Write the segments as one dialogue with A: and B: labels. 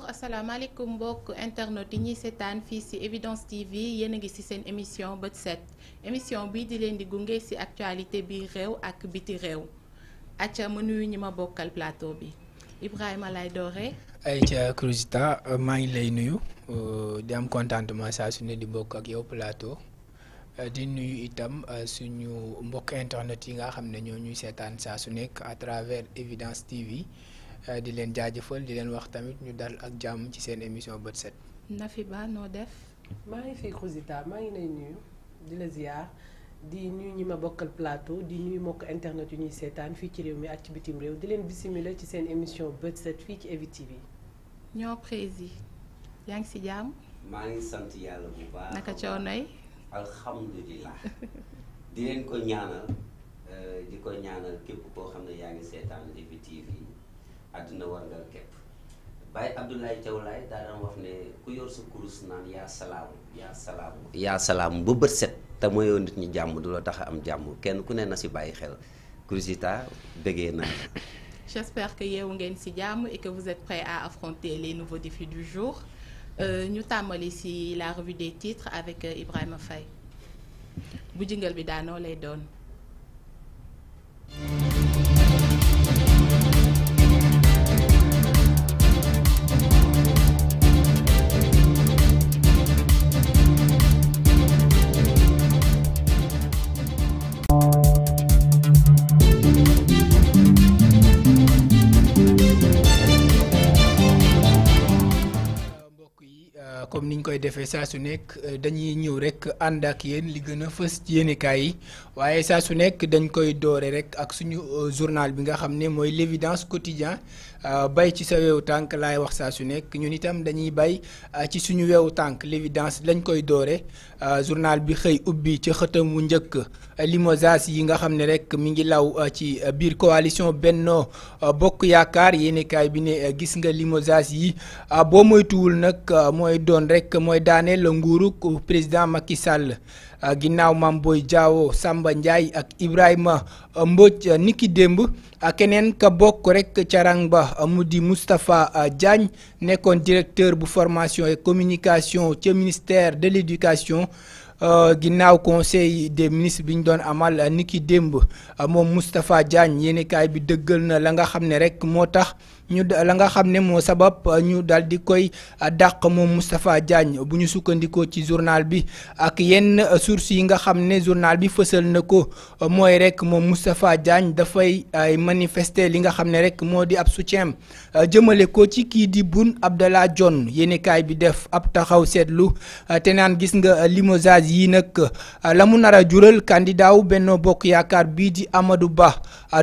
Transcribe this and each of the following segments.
A: bonjour asalaamaaleykum mbokk internet yi ñuy seetaan fii ci Evidence TV yéen a ngi ci seen émission bët set émission bii di leen di gunge ci actualité bii réew ak biti réew acca ma nuyu ñi ma bokkal plateau bi Ibrahima lay doore
B: ayca Cruzita maa ngi lay nuyu euh, di am contentement saa su ne di bokk ak yow euh, di nuyu itam euh, suñu mbokk internet yi nga xam ne ñoo ñuy seetaan saa su nekk à travers Evidence TV Euh, di leen jaajëfal di leen wax tamit ñu dal ak jàmm ci seen émission bët set.
C: Nafi Ba noo def. maa ngi fi Kouzita maa ngi lay nuyu di la ziar di nuyu ñi ma bokkal plateau di nuyu mbokk internet yu ñuy seetaan fii ci réew mi ak ci bitim réew di leen bisimila ci seen émission bët set fii ci Evi TV.
A: ñoo prési yaa ngi si jàmm.
D: maa ngi sant yàlla bu baax naka coonoy. alhamdulilah di leen ko ñaanal euh, di ko ñaanal képp koo xam ne yaa ngi seetaan Evi àddina war nga képp Baye Abdoulaye Thiaw Laye wax ne ku yor sa kurus naan yaa salaam yaa salaam yaa salaam ba bët set te mooyoo nit ñi jàmm du la tax am jàmm kenn ku ne na si bàyyi xel Cruzita bëggee naa
A: j'espère que yeewu ngeen si jàmm et que vous êtes prêts à affronter les nouveaux du jour euh, ñu tàmbali si la revue des titres avec euh, Ibrahima Faye bu jingal bi daanoo lay doon
B: comme niñ koy defee saa su nekk euh, dañuy ñëw rek ànd ak yéen li gën a fës ci yéenekaay yi waaye saa su nekk dañ koy doore rek ak suñu euh, journal bi nga xam ne mooy l'évidence quotidien Euh, bay ci sa wewu tànk laay wax saa su nekk ñun itam dañuy bay euh, ci suñu wewu tànk l'évidence lañ koy doore euh, journal bi xëy ubbi ci xëtam mu njëkk limogeage yi nga xam ne rek mi ngi law ci biir coalition benn Bokk Yaakaar yéenekaay bi ne gis nga limogeage yi boo moytuwul nag mooy doon rek mooy daaneel nguurug président Macky sàll ginnaaw Mame booy Diao sàmba Ndiaye ak Ibrahima Mbodj niki démb keneen ka bokk rek ca rang ba mu di Moustapha Diagne nekkoon directeur bu formation et communication ca ministère de l'éducation ginnaaw conseil des ministre bi ñu doon amal niki démb moom Moustapha Diagne yéenekaay bi dëggal na la nga xam ne rek moo tax. ñu la nga xam ne moo sabab euh, ñu daal di koy euh, dàq moom Moustapha Diagne bu ñu sukkandikoo ci journal bi ak yenn euh, source yi nga xam ne journal bi fësal na ko mooy rek moom Moustapha Diagne dafay manifester li nga xam ne rek moo di ab soutien jëmale ko ci kii di Boun Abdallah Dionne yéenekaay bi def ab taxaw seetlu te naan gis nga limogeage yi nag la mu nar a jural candidat wu Benno Bokk Yaakaar bii di Amadou Ba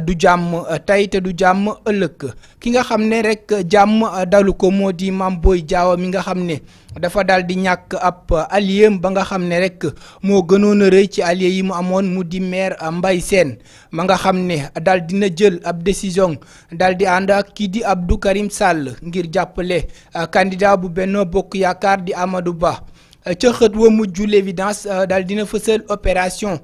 B: du jàmm tey te du jàmm ëllëg ki nga xam ne rek jàmm dalu ko moo di mam booy Diao mi nga xam ne dafa daal di ñàkk ab allié ba nga xam ne rek moo gënoon a rëy ci allié yi mu amoon mu di maire mbay seen ma nga xam ne daal dina jël ab décision daal di ànd ak kii di Abdou Karim sàll ngir jàppale candidat bu Benno Bokk Yaakaar di Amadou Ba ca xët wa mujj l'évidence daal dina fësal opération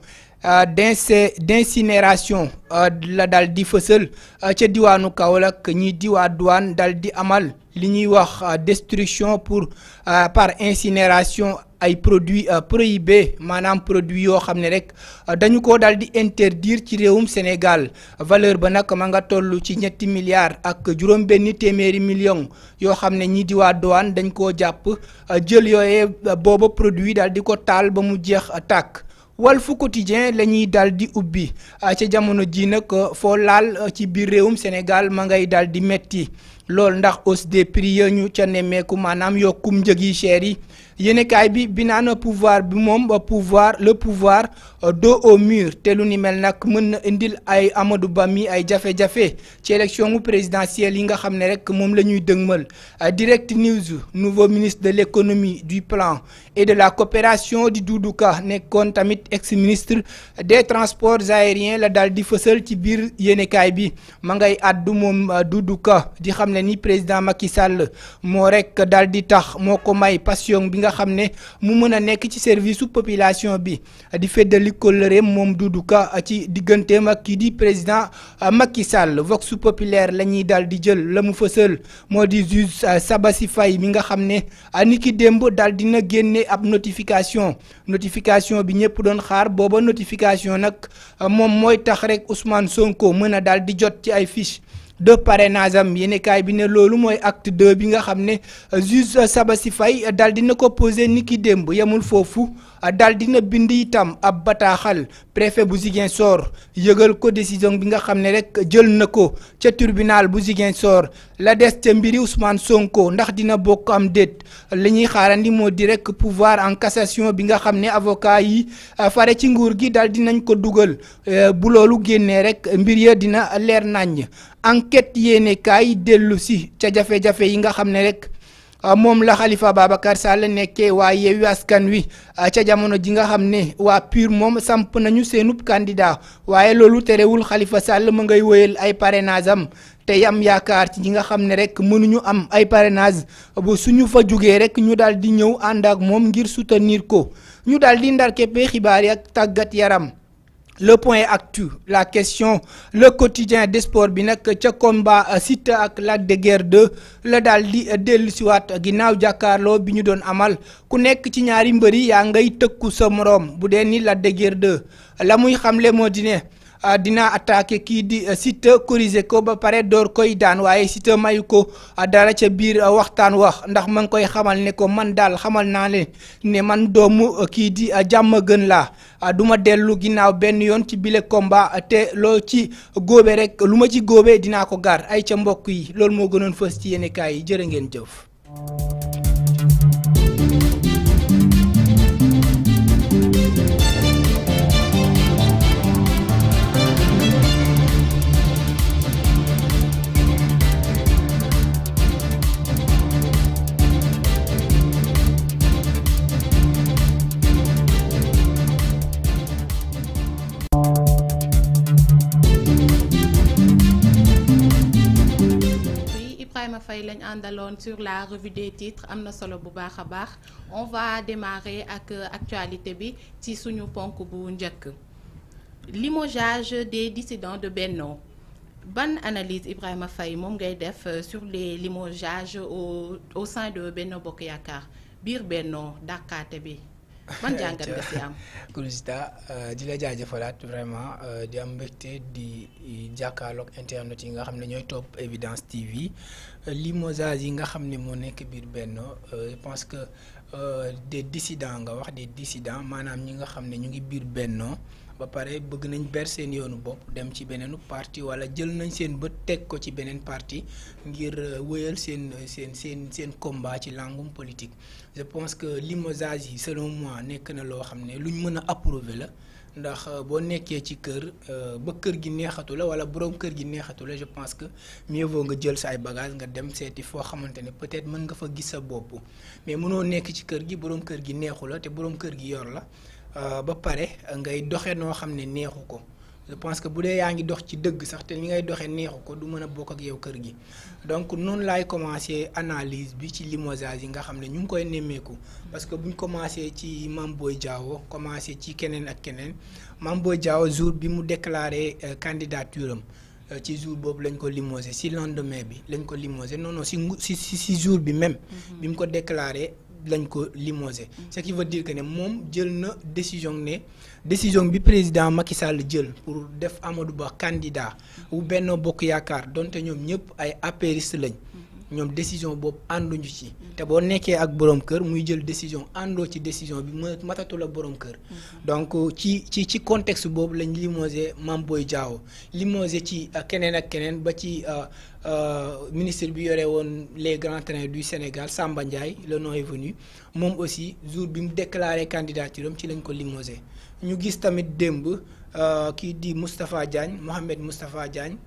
B: Euh, d'ince d'incinération euh, la daal di fësal euh, ca diwaanu Kaolack ñi di waa douane daal di amal li ñuy wax destruction pour par incinération ay produits prohibés maanaam produits yoo xam ne rek dañu ko daal di interdire ci réewum Sénégal valeur ba nag ma nga toll ci ñetti milliards ak juróom benn téeméeri million yoo xam ne ñii diwaa waa dañ koo jàpp jël yooye booba produit daal di ko taal ba mu jeex tàkk Walf Quotidien la ñuy daal di ubbi ah, ci jamono ji nag ah, foo laal ah, ci biir réewum Sénégal ma ngay daal di metti loolu ndax hausse des prix ya ñu ca nemmeeku maanaam yokkum njëg yi cher yi yéenekaay bi bi naan pouvoir bi moom ba pouvoir le pouvoir euh, dos au mur te lu ni mel nag mën na indil ay Amadou Ba mi ay jafe-jafe ci élection mu présidentielle yi nga xam ne rek moom la ñuy dëgmal euh, Direct News nouveau ministre de l'économie du plan et de la coopération di Doudou nekkoon tamit ex-ministre des transports aériens la daal di fësal ci biir yéenekaay bi ma ngay àddu moom euh, Doudou di xam ne ni président Macky Sall moo rek dal di tax moo ko may bi nga xam ne mu mën a nekk ci service su population bi di feddali kóllëre moom du Doudou Ka uh, ci digganteem ak kii di président uh, Macky sàll vox populaire la ñuy dal di jël la mu fësal moo di juge uh, Sabassi fay mi nga xam ne ni ki démb dal dina génne ab notification notification bi ñëpp doon xaar booba notification nag moom mooy tax rek Ousmane Sonko mën a dal di jot ci ay fiche de parrainage am yéenekaay bi ne loolu mooy acte 2 bi nga xam ne euh, juge Sabassy Faye euh, dal dina ko posé ki démb yemul foofu daal dina bind itam ab bataaxal préfet bu Ziguinchor yëgal ko décision bi nga xam ne rek jël na ko ca turbinal bu Ziguinchor la des ca mbiri Ousmane Sonko ndax dina bokk am déet li ñuy ni moo di pouvoir en cassation bi nga xam ne avocat yi euh, fare ci nguur gi daal dinañ ko dugal euh, bu loolu génnee rek mbir ya dina leer naññ enquete yéene kaay dellusi ca jafe-jafe yi nga xam ne rek Ah, moom la xalifa Babacar Sall nekkee waa Yewwi Askan Wi ah, ca jamono ji nga xam ne waa PUR moom samp nañu seenub kandidaa waaye loolu terewul xalifa Sall ma ngay wëyal ay parrainage am tey am yaakaar ci ñi nga xam ne rek mënuñu am ay parrainage bu suñu fa jugee rek ñu daal di ñëw ànd ak moom ngir soutenir ko ñu daal di ndar keppee xibaar yi ak tàggat yaram. le point actu la question le quotidien des sports bi nag ca combat euh, sit ak Lac de Guiers 2 la daal di euh, dellusiwaat ginnaaw jàkkaarloo bi ñu doon amal ku nekk ci ñaari mbëri yaa ngay tëkku sa moroom bu dee ni Lac de Guiers la muy xamle moo di ne Euh, dina attaqué kii di euh, Siteu corriger ko ba pare door koy daan waaye Siteu mayu ko euh, dara ca biir waxtaan wax ndax ma ngi koy xamal ne ko man daal xamal naa ne ne man doomu kii di jàmm gën laa du ma dellu ginnaaw benn yoon ci bile combat te loo ci góobe rek lu ma ci góobe dinaa ko gar ay ca mbokk yi loolu moo gënoon fës ci yéenekaay yi jëre ngeen jëf
A: tey lañ àndaloon sur la revue des titres am na solo bu baax a baax on va démarrer ak euh, actualité bi ci suñu ponk bu njëkk limogeage des dissidents de Benno ban analyse Ibrahima Faye moom ngay def euh, sur les limogeages au au sein de Benno Bokk Yaakaar biir Benno dàqaate bi man jàngat nga si
B: am. Kourouzita euh, di la jaajëfalaat vraiment di am mbégte di jàkkaarloog internet yi nga xam ne ñooy topp Evidence TV. limogeage yi nga xam ne moo nekk biir bennoo euh, je pense que euh, des dissidents nga wax des dissidents maanaam ñi nga xam ne ñu ngi biir Benno ba pare bëgg nañ ber seen yoonu bopp dem ci beneenu parti wala jël nañ seen bët teg ko ci beneen parti ngir euh, wëyal seen seen seen seen combat ci langum politique je pense que limogeage yi selon moi nekk na loo xam ne lu ñu mën a approuver la ndax euh, boo nekkee ci kër euh, ba kër gi neexatu la wala boroom kër gi neexatu la je pense que mieux vaut nga jël sa ay bagage nga dem seeti foo xamante ne peut-être mën nga fa gis sa bopp mais mënoo nekk ci kër gi boroom kër gi neexu la te boroom kër gi yor la euh, ba pare ngay doxe noo xam ne neexu ko je pense que bu dee yaa ngi dox ci dëgg sax te ngay doxee neexu ko du mën a bokk yow kër gi donc noonu laay commencé analyse bi ci limogeage yi nga xam ne ñu ngi koy nemmeeku parce que buñ commencé ci Mame Boye Diao commencé ci keneen ak keneen Mame Boye Diao jour bi mu déclaré euh, candidature am euh, ci jour boobu lañ ko limogé si lendemain bi lañ ko limogé non non si si si jour bi même. Mm-hmm. bi mu ko déclaré lañ ko limogé. Mm-hmm. ce qui veut dire que ne moom jël na décision ne. décision bi président Macky Sall jël pour def Amadou Ba candidat wu Benno Bokk Yaakaar donte ñoom ñëpp ay apériste lañ ñoom décision boobu ànduñu ci te boo nekkee ak borom kër muy jël décision àndoo ci décision bi matatu la borom kër mm-hmm. donc ci ci ci contexte boobu lañ limogé Mame Boye Diao limogé ci euh, keneen ak keneen ba ci euh, euh, ministre bi yore woon les grands trains du Sénégal Samba Ndiaye le nom est venu moom aussi jour bi mu déclaré candidature am ci lañ ko limogé ñu gis tamit démb euh, kii di Moustapha Diagne Mohamed Moustapha Diagne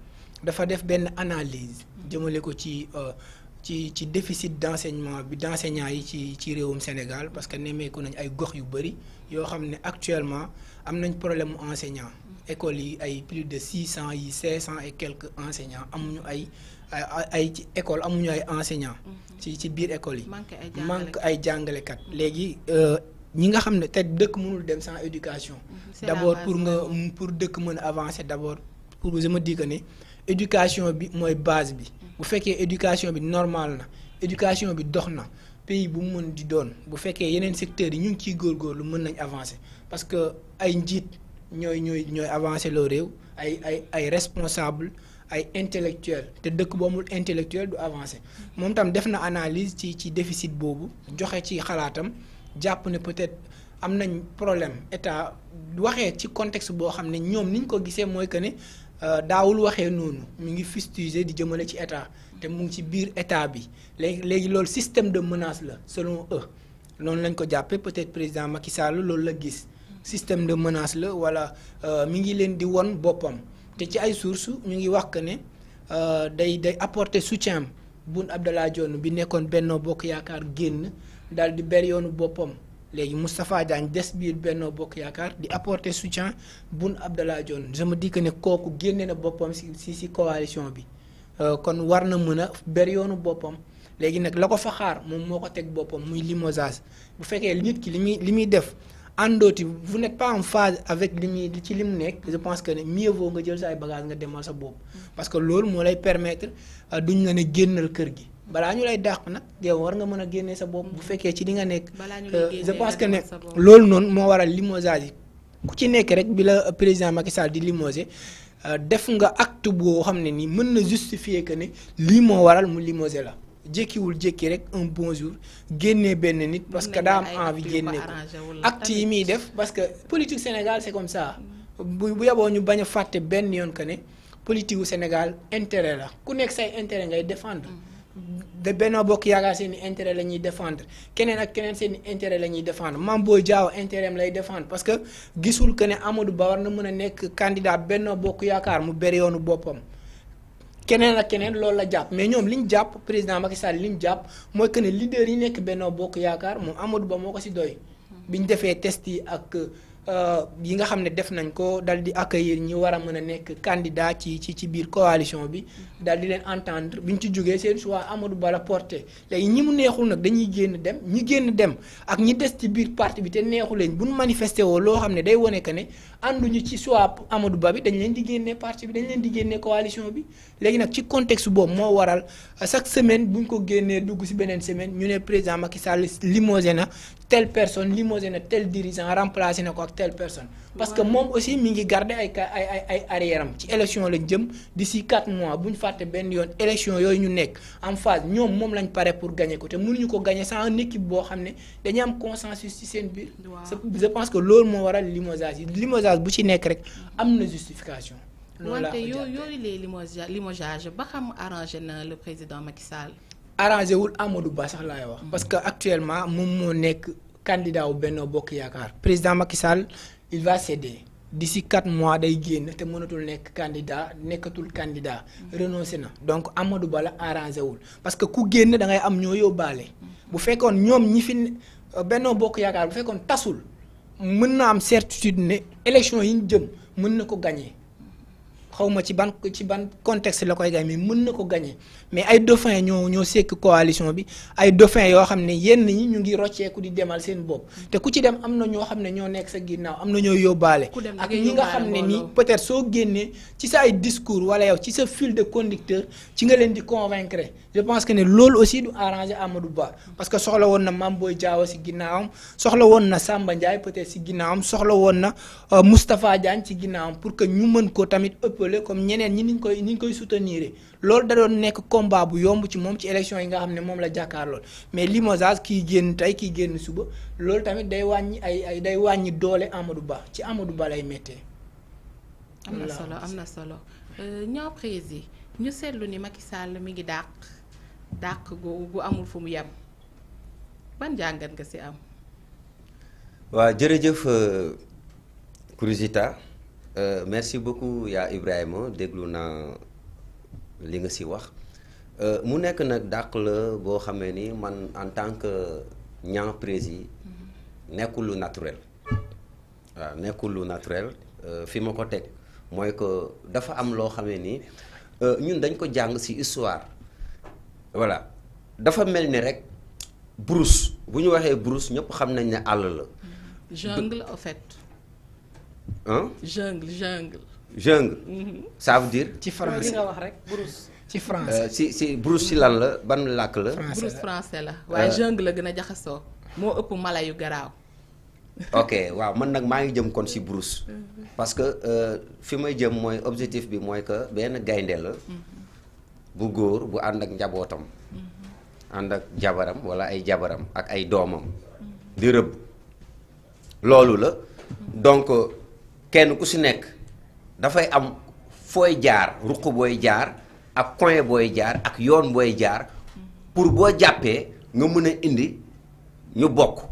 B: dafa def benn analyse jëmale ko ci euh, ci ci déficit d'enseignement bi d'enseignants yi ci ci réewum Sénégal parce que nemmeeku nañ ay gox yu bëri yoo xam ne actuellement am nañ problème mu enseignant écoles yi ay plus de six cent yi cinq cent et quelques enseignants amuñu ay ay ci école amuñu ay enseignants. Mm-hmm. ci ci biir école yi. manque ay jàngalekat léegi. Euh, ñi nga xam ne te dëkk mënul dem sans éducation. Mm-hmm. d' abord pour nga pour dëkk mën a avancer d' abord pour je me nii éducation bi mooy base bi. Mm-hmm. bu fekkee éducation bi normal na éducation bi dox na pays bu mu mën di doon bu fekkee yeneen secteurs yi ñu ngi ciy góorgóorlu mën nañ avancer parce que ay njiit ñooy ñooy ñooy avancer loo réew ay ay ay responsable ay intellectuel te dëkk boo amul intellectuel du avancer mm-hmm. moom tam def na analyse ci ci déficit boobu joxe ci xalaatam. jàpp ne peut-être am nañ problème état waxee ci contexte boo xam ne ñoom niñ ko gisee mooy que ne euh, daawul waxee noonu mu ngi fustiger di jëmale ci état te mu ngi ci biir état bi léegi léegi loolu système de menace la selon eux noonu lañ ko jàppee peut-être président Macky Sall loolu la gis système de menace la wala euh, mi ngi leen di won boppam te ci ay sources ñu ngi wax que ne euh, day day apporter soutien Boun Abdallah Dionne bi nekkoon Benno Bokk Yaakaar génn daal di ber yoonu boppam léegi Moustapha Diagne des biir Benno Bokk Yaakaar di apporter soutien Boun Abdallah Dionne je me dis que ne kooku génne na boppam si si si coalition bi euh, kon war na mën a ber yoonu boppam léegi nag la ko fa xaar moom moo ko teg boppam muy limogeage bu fekkee nit ki li muy li muy def àndooti vous n'êtes pas en phase avec li muy ci li mu nekk je pense que ne mieux nga jël sa ay bagages nga demal sa bopp mm. parce que loolu moo lay permettre euh, duñ la ne génnal kër gi. balaa ñu lay dàq nag yow war nga mën a génne sa bopp bu mm-hmm. fekkee ci li nga nekk euh, je pense que ne loolu noonu moo waral limogeage yi ku ci nekk rek bi la président Macky Sall di limoger euh, def nga acte boo xam ne ni mën na justifier que ne lii moo waral mu limoger la jékkiwul jékki rek un bon jour génnee benn nit parce que daa am envie génne ko acte yi muy def parce que politique Sénégal c'est comme ça mm-hmm. bu bu yaboo ñu bañ a fàtte benn yoon que ne politique wu Sénégal intérêt la ku nekk say intérêt ngay défendre mm-hmm. de Benno Bokk Yaakaar seen i intérêt la ñuy défendre keneen ak keneen seen i intérêt la ñuy défendre Mame Boye Diao intérêt am lay défendre parce que gisul que ne Amadou Ba war na mën a nekk candidat Benno Bokk Yaakaar mu bari yoonu boppam. keneen ak keneen loolu la jàpp mais ñoom li ñu jàpp président Macky Sall li ñu jàpp mooy que ne leader yi nekk Benno Bokk Yaakaar moom Amadou Ba moo ko ci doy. bi ñu defee test yi ak. Euh, yi nga xam ne def nañ ko dal di accueillir ñi war a mën a nekk candidat ci ci ci biir coalition bi dal di leen entendre bi ñu ci jógee seen choix Amadou Ba porté léegi ñi mu neexul nag dañuy génn dem ñi génn dem ak ñi des ci biir parti bi te neexu leen bu ñu manifesté woo loo xam ne day wone que ne ànduñu ci soit amadu Ba bi dañ leen di génne parti bi dañu leen di génne coalition bi léegi nag ci context boobu moo waral chaque semaine bu ñu ko génnee dugg si beneen semaine ñu ne président Macky Sall limogé na telle personne limogé na tel dirigeant remplacé na ko ak tel personne. parce que moom aussi mi ngi garder ay ay ay arrière am ci élection lañ jëm di d'ici 4 mois bu ñu fàtte benn yoon élection yooyu ñu nekk en phase ñoom moom lañ pare pour gagner ko te mënuñu ko gagner sans une équipe boo xam ne dañuy am consensus ci seen biir. je pense que loolu moo waral limogeage yi limogeage bu ci nekk rek am na justification. loolu laa ko jàppee
A: wante yooyu les limogeage limogeage ba xam arrangé na le président Macky Sall.
B: arrangé wul Amadou Ba sax wax. Mm. parce que actuellement moom moo nekk candidat wu Benno Bokk Yaakaar président Macky il va di si quatre mois day génn te mënatul nekk candidat nekkatul candidat renoncé na donc Amadou Ba la arrangé wul parce que ku génn da ngay am ñoo yóbbaale. bu fekkoon ñoom ñi fi euh, Benno Bokk Yaakaar bu fekkoon tasul mën na am certitude ne élection yi ñu jëm mën na ko gagné. xawma ci ban ci ban contexte la koy gagné mais mën na ko gagné mais ay dauphin ñoo ñoo sekk coalition bi ay dauphin yoo xam ne yenn ñi ñu ngi rocceeku di demal seen bopp te ku ci dem am na ñoo xam ne ñoo nekk sa ginnaaw am na ñoo yóbbaale ak ñi nga xam ne nii peut-être soo génnee ci sa ay discours wala yow ci sa fill de conducteur ci nga leen di convaincre je pense que ne loolu aussi du arranger Amadou Ba parce que soxla woon na Mame Boye Diao si ginnaawam soxla woon na Samba Ndiaye peut-être si ginnaawam soxla woon na euh, Moustapha Diagne ci ginnaawam pour que ñu mën ko tamit ëpp jàppale comme ñeneen ñi niñ koy niñ koy soutenir loolu da doon nekk combat bu yomb ci moom ci élection yi nga xam ne moom la jàkkaarlool mais limogeage kii génn tey kii génn suba loolu tamit day wàññi ay ay day wàññi doole Amadou Ba ci Amadou Ba lay méttee. am na solo am na
A: solo euh, ñoo prési ñu seetlu ni Macky Sall mi ngi dàq dàq gu gu amul fu mu yem ban jàngat nga si am.
D: waaw jërëjëf euh, Kourouzita Euh, merci beaucoup yaa Ibrahima déglu naa li nga si wax euh, mu nekk nag dàq la boo xamee nii man en tant que ñan prési nekkul lu naturel waaw nekkul lu naturel euh, fi ma ko teg mooy que dafa am loo xamee nii ñun dañ ko jàng si histoire voilà dafa mel ni rek brousse bu ñu waxee brousse ñëpp xam nañ ne àll la. ah. jungle jungle. jungle. Mhm. ça veut ci français nga
A: wax rek brousse. ci
D: si si brousse si lan la ban làkk la. brousse français la waaye euh. jungle
A: la gën a jaxasoo. moo ëpp mala yu garaaw.
D: ok waaw man nag maa ngi jëm kon si brousse. Mhm. parce que euh, fi may jëm mooy objectif bi mooy que benn gaynde la. Mhm. bu góor bu ànd ak njabootam. ànd ak jabaram walla ay jabaram ak ay doomam. di rëbb loolu la donc. kenn ku si nekk dafay am fooy jaar ruq booy jaar ak coin booy jaar ak yoon booy jaar pour boo jàppee nga mën a indi ñu bokk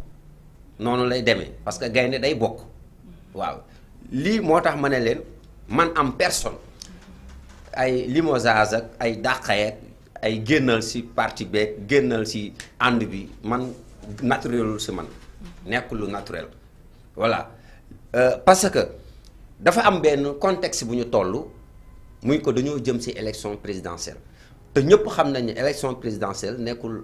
D: noonu lay demee parce que gaynde day bokk waaw lii moo tax ma ne leen man am personne ay limogeage ak ay dàqayeeg ay génnal si parti beeg génnal si ànd bi man naturelul si man nekk lu naturel voilà euh, dafa am benn contexte bu ñu toll muy ko dañoo jëm ci élection présidentielle te ñëpp xam nañu élection présidentielle nekkul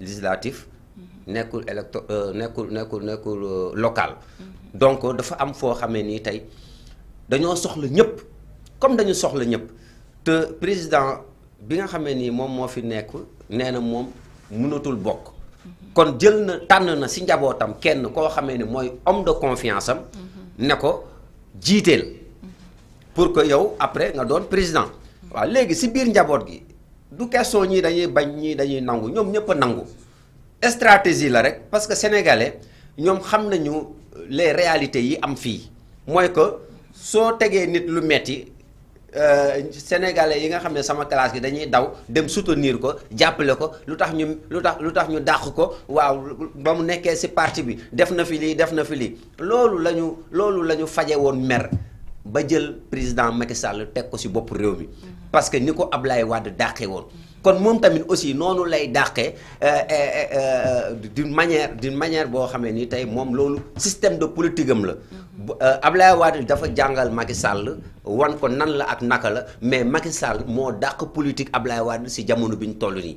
D: législatif mhm. nekkul électo euh, nekkul nekkul nekkul euh, local
E: mhm.
D: donc dafa am foo xamee nii tey dañoo soxla ñëpp comme dañu soxla ñëpp te président bi nga xamee nii moom moo fi nekk nee na moom mënatul bokk mhm. kon jël na tànn na si njabootam kenn koo xamee ni mooy homme de confiance am ne ko jiiteel pour que yow après nga doon président waaw léegi si biir njaboot gi du question ñii dañuy bañ ñii dañuy nangu ñoom ñëpp a nangu stratégie la rek parce que sénégalais ñoom xam nañu les réalités yi am fii mooy que soo tegee nit lu metti Euh, sénégalais yi nga xam ne sama classe gi dañuy daw dem soutenir ko jàppale ko lu tax ñu lu tax lu tax ñu dàq ko waaw ba mu nekkee si parti bi def na fi lii def na fi lii loolu la ñu loolu la ñu faje woon mer ba jël président Macky Sall teg ko si bopp réew mi parce que ni ko Ablaye Wade dàqee woon kon moom tamit aussi noonu lay dàqee euh, euh, d'une manière d'une manière boo xamee ne ni tey moom loolu système de politique la bu euh, Ablaye Wade dafa jàngal Macky Sall wan ko nan la ak naka la mais Macky Sall moo dàq politique Ablaye Wade si jamono bi ñu toll nii.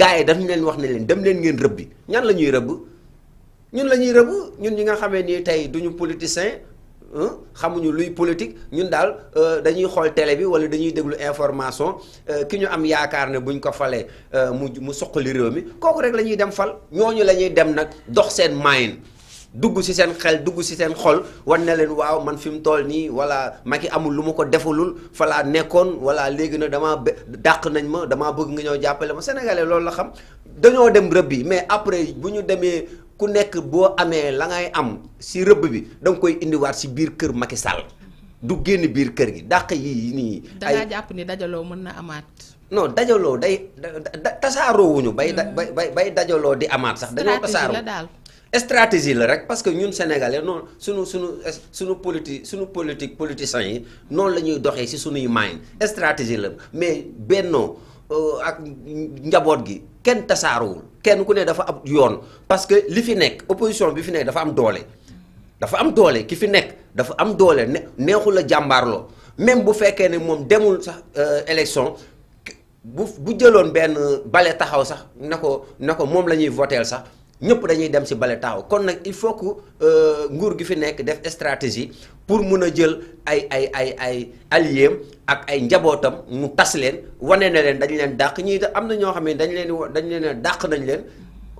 D: gars yi dañu leen wax ne leen dem leen ngeen bi ñan la ñuy rëbb ñun la ñuy rëbb ñun ñi nga xamee ni tey duñu politicien xamuñu luy politique ñun daal euh, dañuy xool tele bi wala dañuy déglu information euh, ki ñu am yaakaar ne buñ ko falee mu mu suqali réew mi kooku rek la ñuy dem fal ñooñu la ñuy dem nag dox seen maayin. dugg si seen xel dugg si seen xol war na leen waaw man fi mu toll nii walla Macky amul lu ma ko defalul fa nekkoon walla léegi nag damaa be dàq nañ ma damaa bëgg nga ñëw jàppale ma sénégalais loolu la xam dañoo dem rëbb yi mais après bu ñu demee ku nekk boo amee la ngay am si rëbb bi da nga koy indiwaat si biir kër Macky Sall du génn biir kër gi dàq yi nii. ay da
A: jàpp ni dajaloo mën na amaat.
D: non dajaloo day tasaaroo wuñu bay bay bay dajaloo di amaat sax. dañoo tasaaroo stratégie la rek parce que ñun sénégalais noonu sunu suñu suñu politique suñu politique politiciens yi noonu la ñuy doxee si suñuy mind stratégie la mais bennoo euh, ak njaboot gi kenn tasaaruwul kenn ku ne dafa ab yoon parce que li fi nekk opposition bi fi nekk dafa am doole dafa am doole ki fi nekk dafa am doole ne neexul la jàmbaarloo même bu fekkee ne moom demul sax euh, élection bu bu jëloon benn bale taxaw sax na ko na ko moom la ñuy voteel sax ñëpp dañuy dem si bale taxaw kon nag il faut que euh, nguur gi fi nekk def stratégie pour mun a jël ay ay ay ay alliéem ak ay njabootam mu tas leen wane na leen dañu leen dàq ñii am na ñoo xam ne dañu leen di dañu leen dàq nañ leen.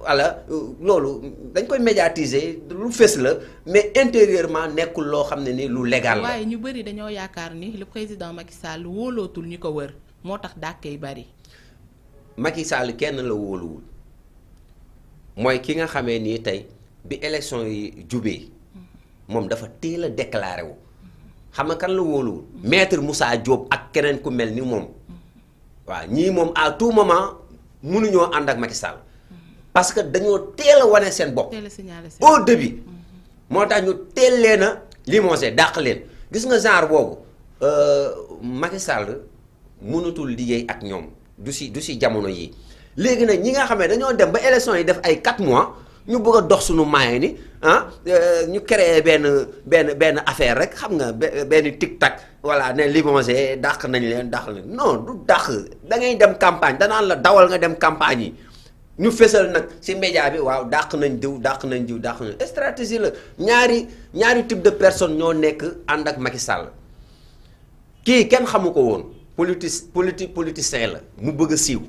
D: voilà euh, loolu dañ koy médiatiser lu fës la mais intérieurement nekkul loo xam ne ni lu légal la. waaye
A: ñu bëri dañoo yaakaar ni le président Macky lu wóolootul ñu ko wër moo tax yi bari.
D: Macky Sall kenn la wóoluwul. mooy ki nga xamee nii tey bi élection yi jubee moom dafa teel a déclaré wu xam nga kan la wóoluwul maître Moussa Diop ak keneen ku mel ni moom waaw ñii moom à tout moment mënuñoo ànd ak Macky Sall parce que dañoo teel a wane seen bopp au début moo tax ñu teel leen a limogé dàq leen gis nga genre boobu euh, Macky Sall mënatul liggéey ak ñoom du si du si jamono yi léegi nag ñi nga xam dañoo dem ba élection yi def ay 4 mois ñu bëgg a dox suñu maay ni ah euh, ñu créer benn benn benn affaire rek xam nga benn tic tac voilà ne limogé dàq nañ leen dàq leen non du dàq da ngay dem campagne danaan la dawal nga dem campagne yi ñu fésal nag si média bi waaw dàq nañ diw dàq nañ diw dàq nañ stratégie la ñaari ñaari type de personne ñoo nekk ànd ak Macky Sall kii kenn xamu ko woon politi politi politicien la mu bëgg a siiw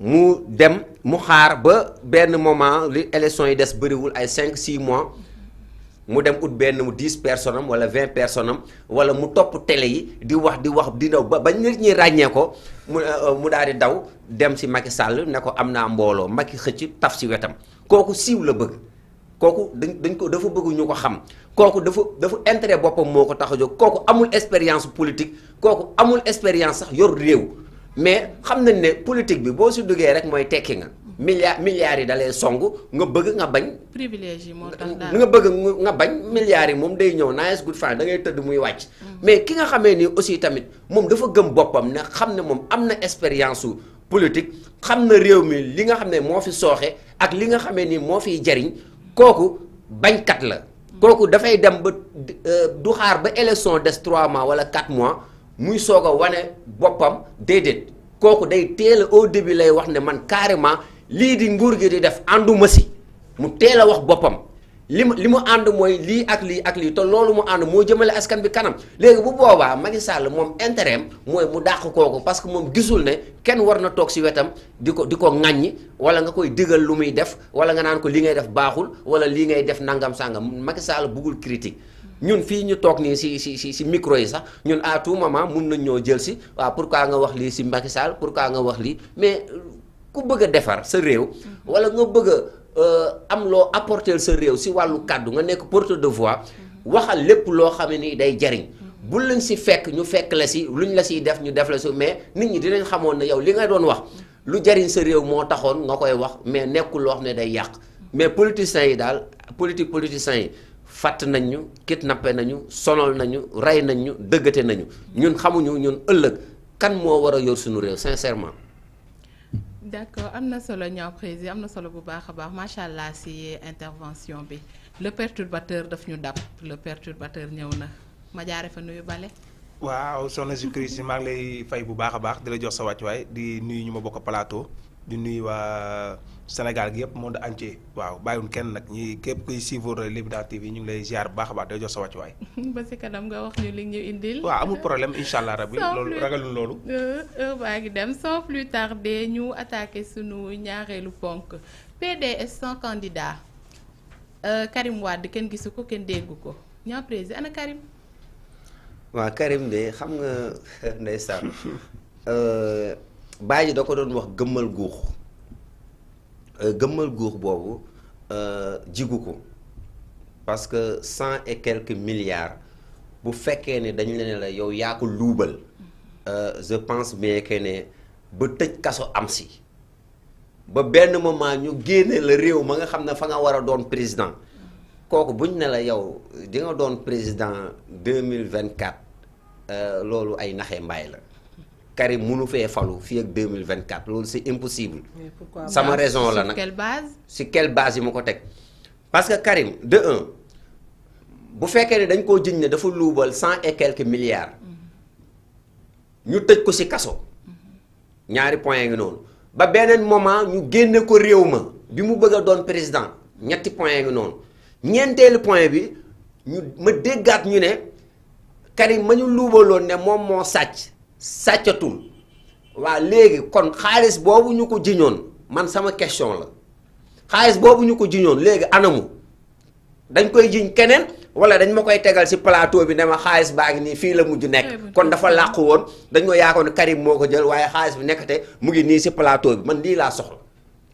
D: mu dem mu xaar ba benn moment li élection yi des bëriwul ay cinq 6 mois mu dem ut benn mu 10 personnes am wala 20 personnes wala mu topp tele yi di wax di wax di daw ba ba nit ñi ràññee ko mu euh, euh, mu daal di daw dem si Macky sàll ne ko am naa mbooloo Macky xëcc taf si wetam kooku siiw la bëgg kooku dañ dañ ko dafa bëgg ñu ko xam kooku dafa dafa intérêt boppam moo ko tax a jóg kooku amul expérience politique kooku amul expérience sax yor réew. mais xam nañ ne politique bi boo si duggee rek mooy tekki nga milliard milliards yi dalee song nga bëgg nga bañ.
A: privilège yi moo tax nga
D: bëgg nga bañ milliards yi moom day ñëw nice good fine dangay ngay tëdd muy wàcc. Mm. mais ki nga xamee ni aussi tamit moom dafa gëm boppam ne xam ne moom am na expérience su politique xam na réew mi li nga xam ne moo fi sooxee ak li nga xamee nii moo fiy jariñ kooku bañkat la. Mm. kooku dafay dem ba euh, du xaar ba élection des 3 mois wala 4 mois. muy soog a wane boppam déedéet kooku day teel a au début lay wax ne man carrément lii di nguur gi di def ànduma si mu teel a wax boppam li mu li mu ànd mooy lii ak lii ak lii te loolu mu ànd moo jëmale askan bi kanam léegi bu boobaa Macky Sall moom intérêt mooy mu dàq kooku parce que moom gisul ne kenn war na toog si wetam di ko di ko ŋàññi wala nga koy digal lu muy def wala nga naan ko li ngay def baaxul wala lii ngay def nangam sàngam Macky Sall buggul critique ñun fii ñu toog nii si si si si micro yi sax ñun à tout moment mun nañ ñoo jël si waaw pour kaa nga wax lii si Macky pour kaa nga wax lii mais ku bëgg defar sa réew. Mhm. wala nga bëgg a euh, am loo apporter sa réew si wàllu kàddu nga nekk porte de voix. Mhm. waxal lépp loo xam ne nii day jariñ. Mhm. bu lañ si fekk ñu fekk la si lu luñ la siy def ñu def la si mais nit ñi dinañ xamoon na yow li nga doon wax lu jariñ sa réew moo taxoon nga koy wax mais nekkul loo xam ne day yàq mais politiciens yi daal politique politiciens yi. fàtt nañ ñu nappe nañu sonol nañu rey nañ ñu dëggate nañu ñun xamuñu ñun ëllëg kan moo war a yor suñu réew sincèrement.
A: d'accord am na solo ñaaw président am na solo bu baax a baax macha allah ci intervention bi le perturbateur daf ñu dab le perturbateur ñëw na ma jaare fa nuyu bale
F: waaw soxna si Christ maa ngi lay fay bu baax a baax di la jox sa waaye di nuyu ñu ma bokk plateau. di nuyu waa Sénégal gi yëpp monde entier waaw bàyyiwul kenn nag ñi képp kuy suivre Libida TV ñu ngi lay ziar bu baax a baax day jox sa wàccuwaay.
A: ba si kanam nga wax ñu li ñu indil. waaw amul problème
F: incha allah rabi loolu ragalul loolu.
A: baa euh, euh, ngi dem sans plus tarder ñu attaqué sunu ñaareelu ponk PDS sans candidat euh, Karim Wade ko kenn déggu Karim.
D: waaw Karim de xam nga ndeysaan. bàyyi da ko doon wax gëmmal guux euh, gëmmal guux boobu euh, jigu ko parce que cent et quelques milliards bu fekkee ni dañu leen la yow yaa ko luubal euh, je pense bien que ne ba tëj kaso am si ba benn moment ñu génne la réew ma nga xam ne fa nga war a doon président kooku buñ ne la yow di nga doon président deux mille vingt quatre loolu ay naxe mbaay la Karim mënu fee falu fii ak 2024 loolu c'est impossible.
A: sama raison la nag sur quelle base.
D: sur quelle base yi ma ko teg parce que Karim de bu fekkee ne dañ koo jiñ ne dafa luubal cent et quelques milliards mm-hmm. ñu tëj ko si kaso mm-hmm. ñaari point ngi noonu ba beneen moment ñu génne ko réew ma bi mu bëgg a doon président ñetti point ngi noonu ñeenteelu point bi ñu ma déggaat ñu ne Karim ma ñu luubaloon ne moom moo sàcc. sàccatum waa léegi kon xaalis boobu ñu ko jiñoon man sama question la xaalis boobu ñu ko jiñoon léegi anamu dañ koy jiñ keneen wala dañ ma koy tegal si plateau bi ne ma xaalis baa ngi nii fii la mujj nekk kon dafa làqu woon dañ ko yaakoon Karim moo ko jël waaye xaalis bi nekkate mu ngi nii si palaato bi man lii laa soxla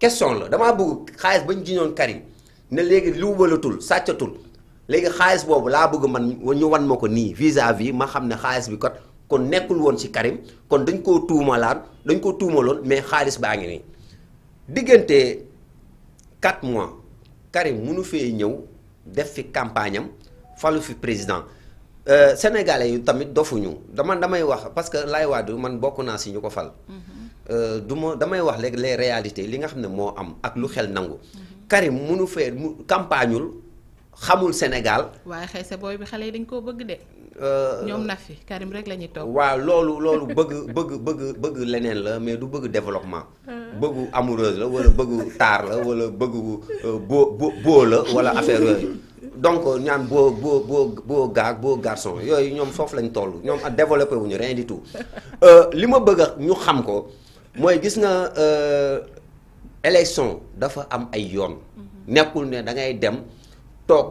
D: question la damaa bëgg xaalis bañ jiñoon kari ne léegi luubalatul sàccatul léegi xaalis boobu laa bëgg man ñu wan ma ko nii vis à ma xam ne xaalis bi kot kon nekkul woon ci Karim kon dañ koo tuumalaan dañ koo tuumaloon mais xaalis baa ngi nii diggante 4 mois Karim mënu fee ñëw def fi campagne am fi président euh, sénégalais yu tamit dofuñu dama damay wax parce que Laye Wade man bokk naa si ko fal.
E: Mm-hmm.
D: Euh, du ma damay wax léegi les réalités li xam ne moo am ak lu nangu. Mm-hmm. Karim mënu mu campagneul xamul Sénégal.
A: waaye xëy booy bi xale yi dañ koo bëgg de.
D: Euh, ñoom na
A: fi Karim rek la ñuy toog. waaw loolu loolu
D: bëgg bëgg bëgg bëgg leneen la mais du bëgg développement. Euh. bëggu amoureuse la wala bëggu taar la wala bëggu euh, boo boo boo la wala affaire yooyu. donc ñaan boo boo boo boo gaa boo garçon yooyu ñoom foofu lañ toll ñoom ak développé wuñu rien du tout li ma bëgg ñu xam ko mooy gis nga élection dafa am ay yoon. Mhm. nekkul ne da ngay dem toog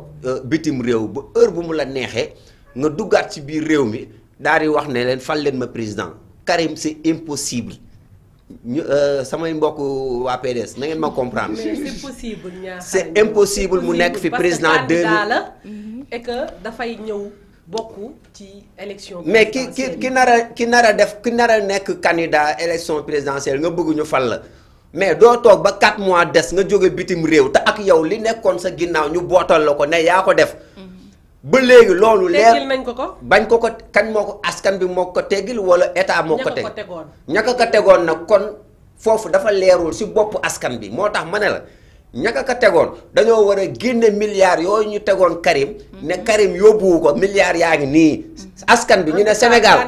D: bitim réew ba heure bu mu la neexee. nga duggaat ci biir réew mi daal di wax ne leen fal leen ma président Karim c'est impossible ñu euh, samay mbokk waa PDS na ngeen ma comprendre. mais c'est impossible mu nekk fi président deux la
C: mhm. et que dafay ñëw bokk ci élection. mais ki ki ki nar a
D: ki nar a def ki nar nekk candidat élection présidentielle nga bëgguñu ñu fal la. mais doo toog ba 4 mois des nga jóge bitim réew te ak yow li nekkoon sa ginnaaw ñu bootal la ko ne yaa ko def. ba léegi loolu. leer nañ ko ko bañ ko ko kan moo ko askan bi moo ko teggil wala état moo ko. teg ñaka ko tegoon nag kon foofu dafa leerul si bopp askan bi moo tax ma ne la ñaka ko tegoon dañoo war a génne milliards yooyu ñu tegoon Karim. Mhm. ne Karim yóbbuwu ko milliards yaa ngi nii. askan bi ñu ne Sénégal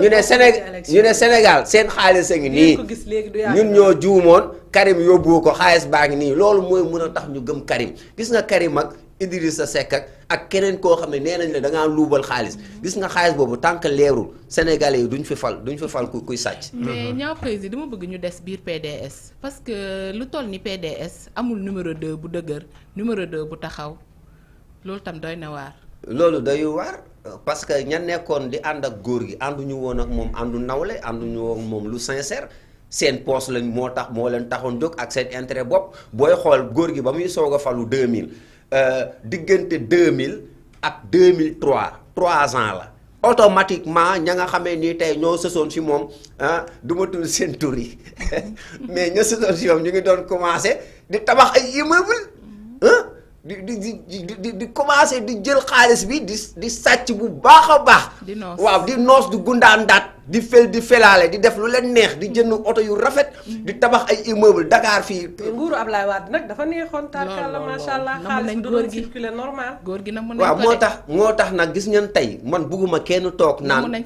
C: ñu ne Sénégal ñu ne
D: Sénégal seen xaalis a ngi nii. ñun ñoo juumoon Karim yóbbuwu ko xaalis baa ngi nii loolu mooy mën a tax ñu gëm Karim gis nga Karim ak. Idrissa sa ak ak keneen koo xam ne nee nañ la da ngaa luubal xaalis gis nga xaalis boobu tànk leeru leerul sénégalais yi duñ fi fal duñ fi fal ku kuy sàcc. mais mhm.
A: ñaaw président dama bëgg ñu des biir PDS parce que lu toll ni PDS amul numéro 2 bu dëgër numéro 2 bu taxaw loolu tam doy na waar.
D: loolu doy waar parce que ña nekkoon di ànd ak góor gi ànduñu woon ak moom àndu nawle ànduñu woon moom lu sincère. seen poos lañ moo tax moo leen taxoon jóg ak seen intérêt bopp booy xool góor gi ba muy soog a falu 2000 Euh, diggante 2000 ak 2003 3 ans la automatiquement ña nga xamee ni tey ñoo sësoon si moom ah du ma tudd yi
E: mais
D: ña sësoon si moom ñu ngi doon commencé di tabax ay immeuble ah di di di di di commencé di jël xaalis bi di di sàcc bu baax a baax. di noos waaw di noos di gundaandaat di fel di felaale di def lu leen neex di jënd oto yu rafet. Mm. di tabax ay immeuble dakaar fii.
C: nguuru Ablaye Wade nag dafa neexoon. tarkalla macha allah xaalis du doon circuler normal. góor gi na mën waaw moo tax
D: moo tax nag gis nga ngeen tey man bugguma kenn toog. naan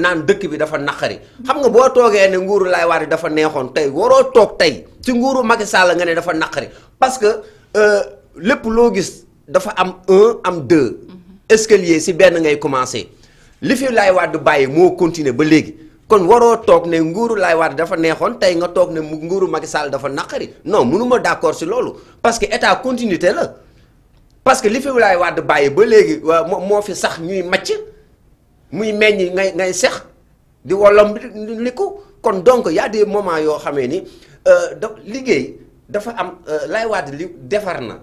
D: naan dëkk bi dafa naqari. xam nga boo toogee ne nguuru Ablaye Wade dafa neexoon tey waroo toog tey ci nguuru Macky Sall nga ne dafa naqari parce euh, lépp loo gis dafa am un am deux. Mm-hmm. escalier si benn ngay commencé. li fi Laay Wàdd bàyyi moo continuer ba léegi kon waroo toog ne nguuru Laay Wàdd dafa neexoon tey nga toog ne nguuru Macky Sall dafa naqari no mënuma d'accord si loolu parce que état continuité la parce que li fi Laay Wàdd bàyyi ba léegi moo fi sax ñuy màcc muy meññ ngay ngay sex di wolom li ko kon donc y moment des moments yoo xamee ni euh, da liggéey dafa am euh, lay Wàdd li defar na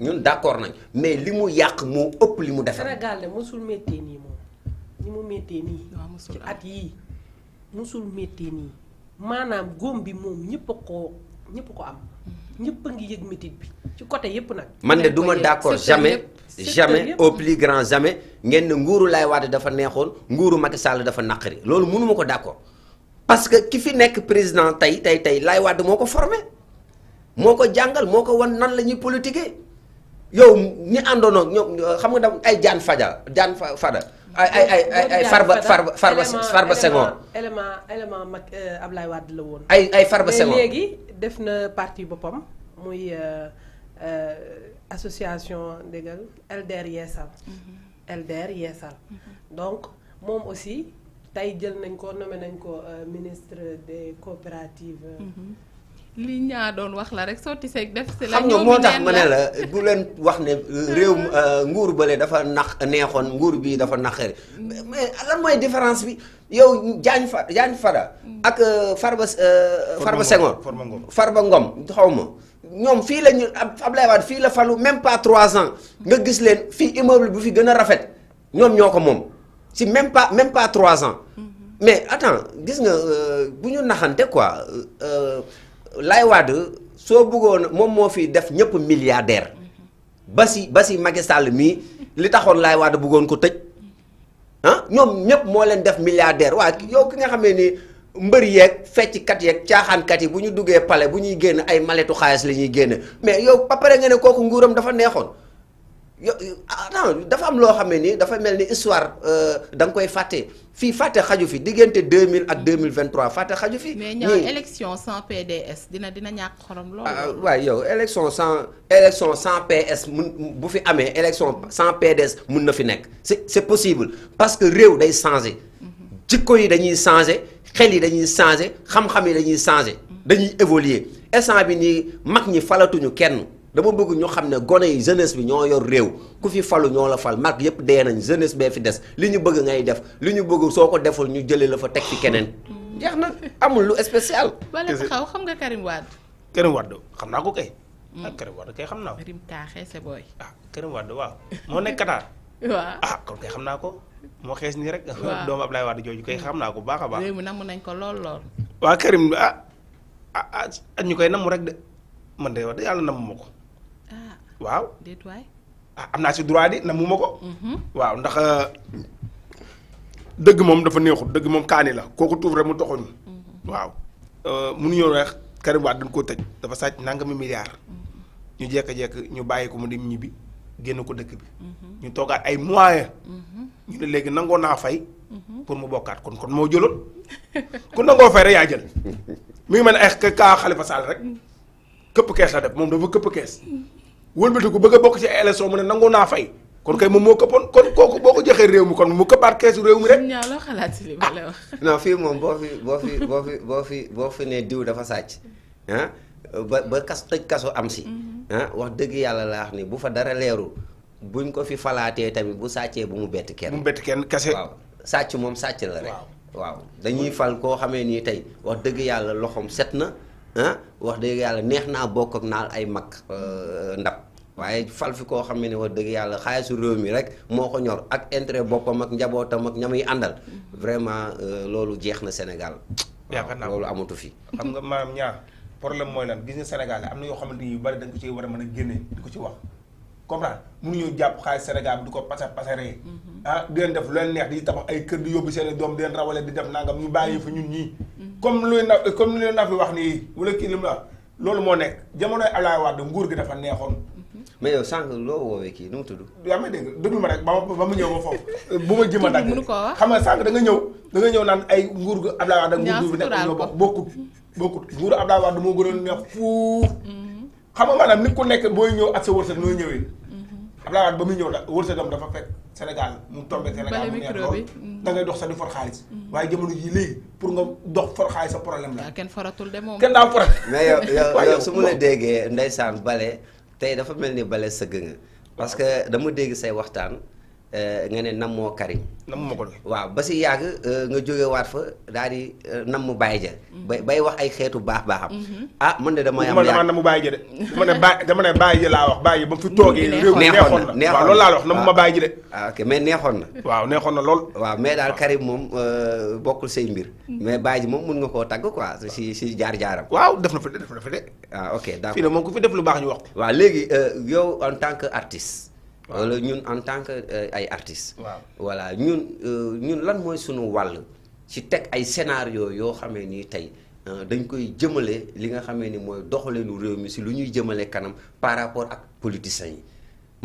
D: ñun d'accord nañ mais li mu yàq moo ëpp li mu defar.
C: Sénégal de mosul méttee nii moom ni mu méttee nii. Ah, ci at yii mosul méttee nii maanaam góom bi moom ñëpp a ko ñëpp ko am. Mm-hmm. ñëpp a ngi yëg métit bi ci côté yëpp nag. man de du ma d'accord jamais jamais au plus
D: grand jamais ngeen ne nguuru Laay Wade dafa neexoon nguuru Macky Sall dafa naqari loolu mënuma ko d'accord parce que ki fi nekk président tey tey tey Laay Wade moo ko formé moo ko jàngal moo ko wan nan la ñuy politiquer. yow ñu àndoon ak ñoom xam nga dafa ay jaan faja jaan fa fada ay ay ay ay ay farba farba farba farba Senghor.
C: élément élément mag euh, Ablaye Wade la woon. ay ay farba Senghor léegi def na partie boppam muy euh, euh, association dégg nga LDR Yeesal. Mhm. LDR Yeesal. Mhm. donc moom aussi tey jël nañ ko nommé nañ ko ministre des coopératives. Mhm.
A: li ñaa doon wax la rek sotti seeg def si la xam nga moo tax ma ne la
D: bu leen wax ne réew euh, nguur bële dafa naq neexoon nguur bii dafa naqari mais lan mooy différence bi yow Diagne Fada Diagne Fada ak euh, euh, Farba Farba Senghor Farba Ngom xaw ma ñoom fii la ñu Abdoulaye Wade fii la falu même pas trois ans nga gis leen fii immeuble bu fi gën a rafet ñoom ñoo ko moom si même pas même pas trois ans mm-hmm. mais attends gis nga bu ñu naxante quoi Laye Wade soo buggoon moom moo fi def ñëpp milliardaire ba si ba si Macky Sall mii li taxoon Laye Wade bëggoon ko tëj ah ñoom ñëpp moo leen def milliardaire waa yow ki nga xamee ni mbër yeeg fecckat yeeg caaxaankat yi bu ñu duggee pale bu ñuy génn ay maletu xaalis la ñuy génne mais yow ba pare nga ne kooku nguuram dafa neexoon. yo attends ah, dafa am loo xam ne nii dafa mel ni histoire euh, da nga koy fàtte fii fàtte xaju fi diggante deux mille ak deux mille 2023 fàtte xaju fi. mais ñoom
A: élection sans PDS dina dina ñàkk xorom lool. Ah,
D: waaw yow élection sans élection sans PS mun bu fi amee élection sans PDS mun na fi nekk c'est c'est possible parce que réew day changer. Mhm. jikko yi dañuy changer xel yi dañuy changer xam-xam yi dañuy changer. Mhm. dañuy évoluer instant bi nii mag ñi falatuñu kenn. dama bëgg ñu xam ne gone yi jeunesse bi ñoo yor réew ku fi falu ñoo la fal mag yëpp dee nañ jeunesse bee fi des li ñu bëgg ngay def li ñu bëgg soo ko deful ñu jëlee la fa teg ci keneen. Mm. jeex na amul lu spécial. wala taxaw
A: xam nga Karim Wade.
D: Karim Wade naa ko kay. Mm. ah Karim Wade
F: kay xam naa taaxee sa booy. ah Karim Wade moo nekk Qatar.
A: waaw ah
F: xam naa ko moo xees nii rek. waaw doomu Ablaye Wade jooju kay xam naa ko baax a baax. réew
A: mi nañ ko lool lool.
F: waa Karim ah, ah ah ñu koy namm rek de man de wax de yàlla namm ma ko waaw ah, am naa si droit di na mu ma ko. Mhm. waaw ndax euh, dëgg moom dafa neexut dëgg moom kaani la kooku tuuf rek mu toxoñu. Mhm. waaw euh, mënuñoo wax Karim Wade dañ koo tëj dafa sàcc nangami milliard mhm. ñu jekk-jekk ñu bàyyi ko mu dem ñibbi génn ko dëkk bi. ñu toogaat ay moyens. ñu ne léegi nangoo naa fay. pour mu bokkaat kon kon moo jëloon ku nangoo fay rek yaa jël mi ngi mel ne ay kaa Khalifa Sall rek këpp kees la def moom dafa këpp kees. ko bëgg a bokk ci élection mu ne nangu naa fay kon kay moom moo këppoon kon kooku boo ko joxee réew mi kon mu këppaat keesu réew mi rek. ñaaw loo xalaat si li
D: ma fii moom boo boo boo boo fi boo fi ne diw dafa sàcc ah, ba ba kas tëj kaso am si. Mhm. Ah, wax dëgg yàlla laa wax ni bu fa dara leerul buñ ko fi falaatee tamit bu sàccee bu mu bett kenn. bu mu kenn kese sàcc moom sàcc la rek. waaw koo xamee nii tey wax dëgg yàlla loxoom set na ah, wax dëgg yàlla neex naa bokk ak naal ay mag euh, ndab. waaye fal fi koo xam ne ni wax dëgg yàlla xaalisu réew mi rek moo ko ñor ak intérêt boppam ak njabootam ak ña muy àndal vraiment euh, loolu jeex na Sénégal. yaakaar naa loolu amatu fi.
F: xam nga maam ñaar problème mooy lan gis nga Sénégal am na yoo xamante ni yu bari dañ ko ci war a mën a génne di ko ci wax. comprendre mënuñu jàpp xaalis Sénégal bi di ko pasa pasaree. Mhm. ah di leen def lu leen neex di tabax ay kër di yóbbu seen doom di leen rawale di def nangam ñu bàyyi fa ñun ñii. comme luy na comme lu leen na fi wax nii wala kii li mu la loolu moo nekk jamonoy Abdoulaye Wade nguur gi dafa neexoon.
D: mais yow sànq loo woowee kii nu mu tudd.
F: yaa may dégg déglu ma rek ba ma ba ma ñëw ma foofu bu ma jëma dagg xam nga sànq da nga ñëw da nga ñëw naan ay nguur gu Abdoulaye Wade ak nguur gu nekk bokk bokkut bokkut nguuru Abdoulaye moo gënoon neex fuuf mm-hmm. xam nga maanaam nit nekk booy ñëw ak sa wërsëg nooy ñëwee mm-hmm. Abdoulaye Wade ba muy ñëw da wërsëgam dafa fekk Sénégal mu tombé Sénégal mu neex lool mm-hmm. da ngay dox sa di for xaalis waaye jamono ji léegi pour nga dox for xaalis sa problème la ah, kenn faratul de moom kenn daa for
D: mais yow yow su ma la déggee ndeysaan bale tey dafa mel ni bale sa nga parce que dama dégg say waxtaan Eh, nga ne nam moo Karim. nam moo ko doon waaw ba si yàgg eh, nga waat fa daal di eh, nam mu bàyyi ja. Mm-hmm. bay bay wax ay xeetu baax baaxam. Mm-hmm. ah man de dama yàgg bu ma dama mu bàyyi ja de. dama ne ba dama ne bàyyi ja laa wax bàyyi ba fi toogee. réew mi neexoon na ma bàyyi ji de. ah ok mais na. lool. waaw mais daal Karim moom bokkul say mbir. Mm-hmm. mais bàyyi ji moom mun nga koo tagg quoi si si jaar jaaram. waaw def na fa de def na fa de. Ah, ok fii de moom ku fi def lu baax ñu wax. waaw léegi yow en tant que artiste. wala ñun en tant que euh, ay artistes. waaw voilà ñun euh, ñun lan mooy suñu wàll ci teg ay scénario yoo xamee nii tey euh, dañ koy jëmale li nga xamee ni mooy doxaleenu réew mi si lu ñuy jëmale kanam par rapport ak politiciens yi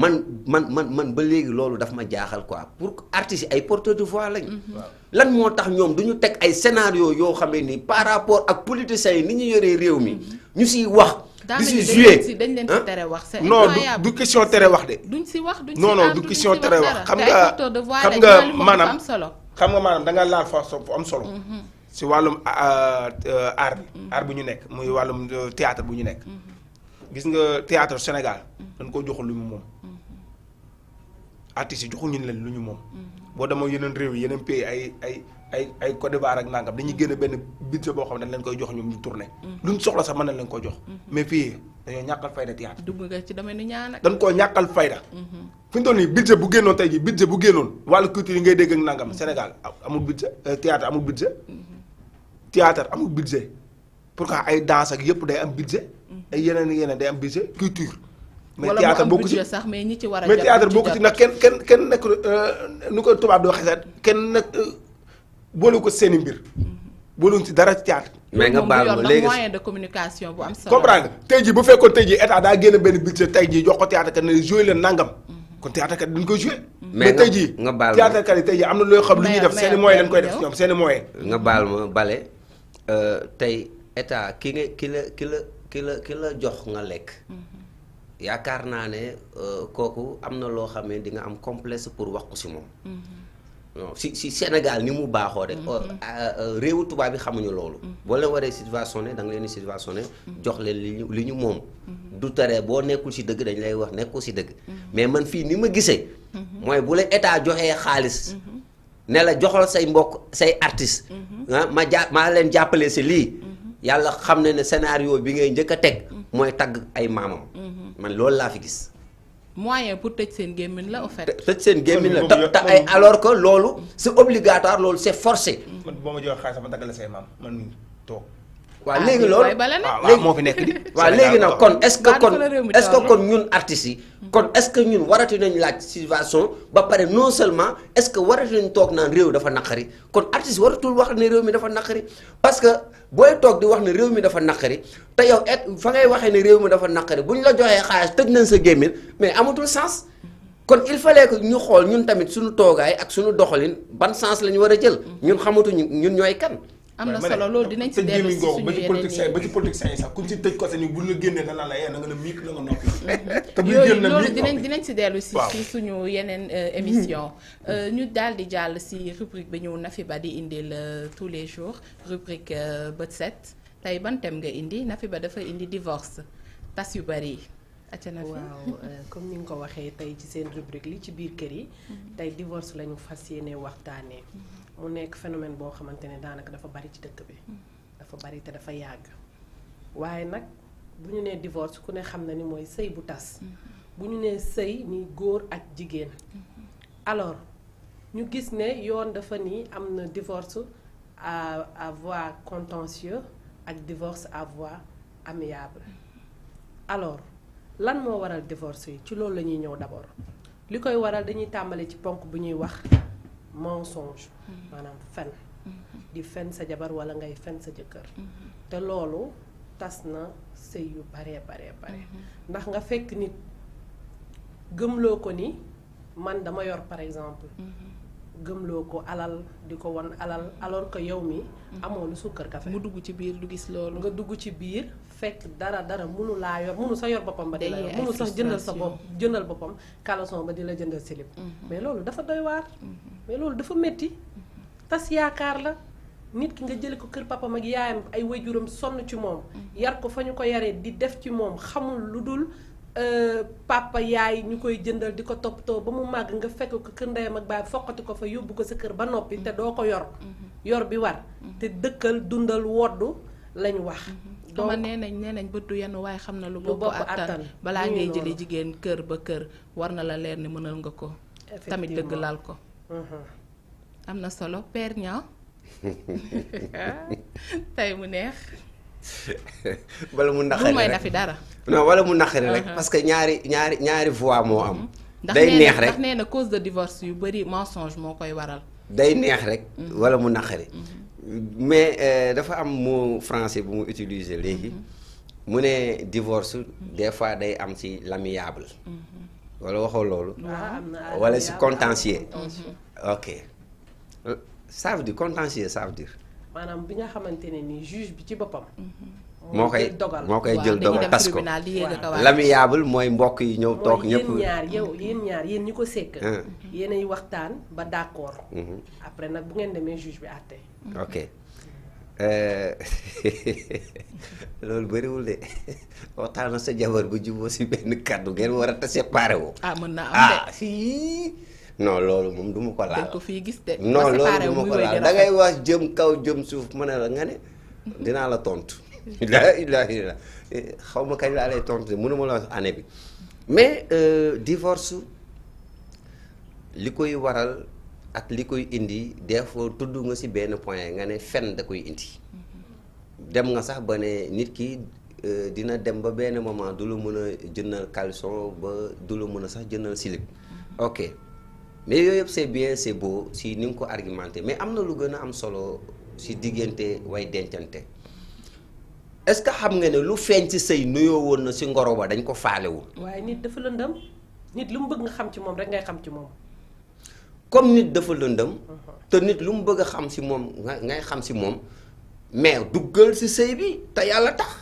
D: man man man man ba léegi loolu dafa ma jaaxal quoi pour artistes yi ay porteurs de voix lañ. Mm-hmm. lan moo tax ñoom du ñu teg ay scénario yoo xamee nii par rapport ak politiciens yi ni ñu yoree réew mi mm-hmm. ñu siy wax. di si joué dañ leen si tere wax non du question tere wax de.
A: duñ si wax duñ si non du question tere wax xam nga xam nga maanaam
F: xam nga maanaam da nga laal fa fu am solo. Mm-hmm. si wàllum ah, ah, art bi mm-hmm. art bu ñu nekk muy wàllum euh, théâtre bu ñu nekk. Mm-hmm. gis nga théâtre Sénégal dañ koo joxul lu mu moom. artistes yi joxuñu leen lu ñu moom. boo demoon yeneen réew yi yeneen pays ay ay Côte d'Ivoire ak nangam dañuy génne benn budget boo xam ne dañ koy jox ñoom ñu tourné. Mm-hmm. luñ soxla sax mën nañ leen ko jox. Mm-hmm. mais fii dañoo ñàkkal fayda théâtre.
A: dugg nga ci domaine ñaan ak. dañ
F: koo ñàkkal fayda. Mm-hmm. fi mu budget bu génnoon tey jii budget bu génnoon wàllu culture yi ngay dégg ak nangam Sénégal amul budget euh, théâtre amul budget. théâtre amul budget pourquoi ay danse ak yëpp day am budget. ay yeneen yeneen day am budget culture. mais théâtre bokku ci
A: sax mais ñi ci war a mais théâtre bokku ci
F: nag kenn kenn kenn nekk euh, nu ko tubaab boole ko seen i mbir. boole ci dara caat. mais nga baal ma léegi moyen
A: de communication bu am solo. comprendre
F: nga tey jii bu fekkoon tey jii état daa génn benn budget tey jii jox ko théâtre kat ne joué leen nangam. Mm-hmm. kon théâtre kat dañ koy joué. mais tey jii nga baal ma théâtre kat
D: yi tey jii am na loo xam lu ñuy def seen i moyen lañ koy def ñoom seen i moyen. nga baal ma bale euh, tey état ki nga ki la ki la ki la ki la jox nga lekk.
E: Mm-hmm.
D: yaakaar naa ne euh, kooku am na loo xam ne di nga am complexe pour wax ko si moom. Mm-hmm. non si si Sénégal ni mu baaxoo rek. Mm-hmm. Euh, euh, euh, réewu tubaab yi xamuñu loolu. Mm-hmm. boo leen waree subventionné da nga leen di subventionné. Mm-hmm. jox leen li ñu moom. du tere boo nekkul si dëgg dañ lay wax nekkul si dëgg. mais man fii ni ma gisee. mooy bu la état joxee xaalis. ne la joxal say mbokk say artistes. Ah, ma ja maa leen jàppale si lii. yàlla xam ne ne scénario bi ngay njëkk a teg. mooy tagg ay maamam. man loolu laa fi gis.
A: moyen pour tëj seen gémmiñ la au fait.
D: seen gémmiñ la te ay alors que loolu c' est obligatoire loolu c' est forcé.
F: Mm. man ma joxee xaalis sama dagg la say maam man mii toog. Ah,
D: waaw léegi moo fi
F: nekk di. waaw léegi nag kon est ce que kon est kon
D: ñun artistes yi. kon est ce que ñun warati nañ laaj situation ba pare non seulement est ce que warati nañ toog naan réew dafa naqari kon artistes waratul wax ne réew mi dafa naqari parce que. booy toog di wax ne réew mi dafa naqari te yow et fa ngay waxee ne réew mi dafa naqari bu ñu la joxee xaalis tëj nañ sa gémmiñ mais amatul sens kon il fa que ñu xool ñun tamit suñu toogaay ak suñu doxalin ban sens la ñu war a jël ñun xamatuñu ñun ñooy kan am na solo loolu dinañ si dellu si suñu ba ci
F: politicien ba ci politicien yi sax ku ci tëj côté ni bu ñu la génnee da naan
A: mm-hmm. dinañ si dellu si si suñu yeneen euh, émission mm-hmm. euh, ñu daal di jàll si rubrique bi ñëw Nafi Ba di indil tous les jours rubrique euh, bët set tey ban thème nga indi Nafi Ba dafa indi divorce tas yu bari yi.
C: waaw comme ni nga ko waxee tey ci seen rubrique li ci biir kër yi. Mm-hmm. tey divorce lañu fas yéene waxtaanee. mu nekk phénomène boo xamante ne daanaka dafa bari ci dëkk bi mm. dafa bari te dafa yàgg waaye nag bu ñu nee divorce ku ne xam na ni mooy sëy bu tas mm-hmm. bu ñu nee sëy ni góor ak jigéen mm-hmm. alors ñu gis ne yoon dafa ni am na divorce à à voie contentieuse ak divorce à voie amiable mm-hmm. alors lan moo waral divorce yi ci loolu la ñuy ñëw d'abord li koy waral dañuy tàmbali ci ponk bu ñuy wax mensonge mm-hmm. maanaam fen
E: mm-hmm.
C: di fen sa jabar wala ngay fen sa jëkkër mm-hmm. te loolu tas na sëy yu baree baree bare ndax nga fekk nit gëmloo ko ni man dama yor par exemple gëmloo ko alal di ko wan alal alors que yow mi amoon lu sukkar kafe mu dugg ci biir lu gis loolu nga dugg ci biir fekk dara dara munu laa yor munu sa yor boppam ba di la yor munu sax jëndal sa bopp jëndal boppam caleçon ba di la jëndal silib mm-hmm. mais loolu dafa doy waar mm-hmm. mais loolu dafa métti mm-hmm. tas yaakaar la nit ki nga jële ko kër papam ak yaayam ay waajuram sonn ci moom yar ko fa ñu ko yaree di def ci moom xamul lu dul euh, papa yaay ñu koy jëndal di ko toppatoo ba mu màgg nga fekk ko kër ndeyam ak baay foqati ko fa yóbbu ko sa kër ba noppi te doo ko yor yor bi war te dëkkal dundal woddu lañu wax donc ma
A: nee nañ nee nañ bët du yenn waaye xam na lu bopp attan balaa ngay jëlee jigéen kër ba kër war na la leer ni mënal nga ko tamit dëgg laal ko uh-huh. am na solo per ñaa
D: tey mu neex wala mu naqari rek na dara non wala mu naqari uh-huh. parce que ñaari ñaari ñaari voix moo am mm-hmm. ndax neex rek ndax
A: nee na cause de divorce yu bari mensonge moo koy waral
D: day neex rek wala mm-hmm. mu naqari mm-hmm. mais euh, dafa am mot français bu mu utiliser léegi mu ne divorce des fois day am si l'amiable mm-hmm. wala waxoo loolu ah,
C: ah, wala ci contentieux mm-hmm.
D: ok euh, ça dire contentieux ça dire
C: maanaam bi nga xamante ni juge bi ci boppam mm-hmm. moo koy dogal moo koy jël dogal tas ko l'amiable
D: mooy mbokk yi ñëw toog ñëpp yéen ñaar
C: yow yéen ñi ko sekk ah. yéen ay waxtaan ba d'accord mhm. après nag bu ngeen demee juge bi àtte
D: ok euh, loolu bëriwul de waxtaan sa jabar bu juboo si benn kàddu ngeen war a te séparé woo ah, naa am ah,
A: de
D: loolu moom du ko laal ko
A: gis de non loolu du ma ko laal da
D: wax jëm kaw jëm suuf ma ne la nga ne dinaa la tontu la ilaha illallah eh, xaw ma kañ laa lay tontu mënuma la année bi mais euh, divorce li koy waral ak li koy indi des fois tudd nga ci benn point nga ne fen da koy indi dem nga sax ba ne nit ki euh, dina dem ba benn moment du la mën a jëndal caleçon ba du la mën a sax jëndal slip ok mais yooyu yëpp c'est bien c'est beau si ni ko argumenté mais am na lu gën a am solo si diggante way dencante est-ce que xam nga ne lu feeñ ci sëy nuyoo woon na si ngoro ba dañ ko faalewul
C: waaye nit dafa lëndëm nit lu mu bëgg nga xam ci moom rek ngay xam ci moom
D: comme nit dafa lëndëm uh-huh. te nit lu mu bëgg a xam si moom ngay xam si moom mais duggal si sëy bi te yàlla tax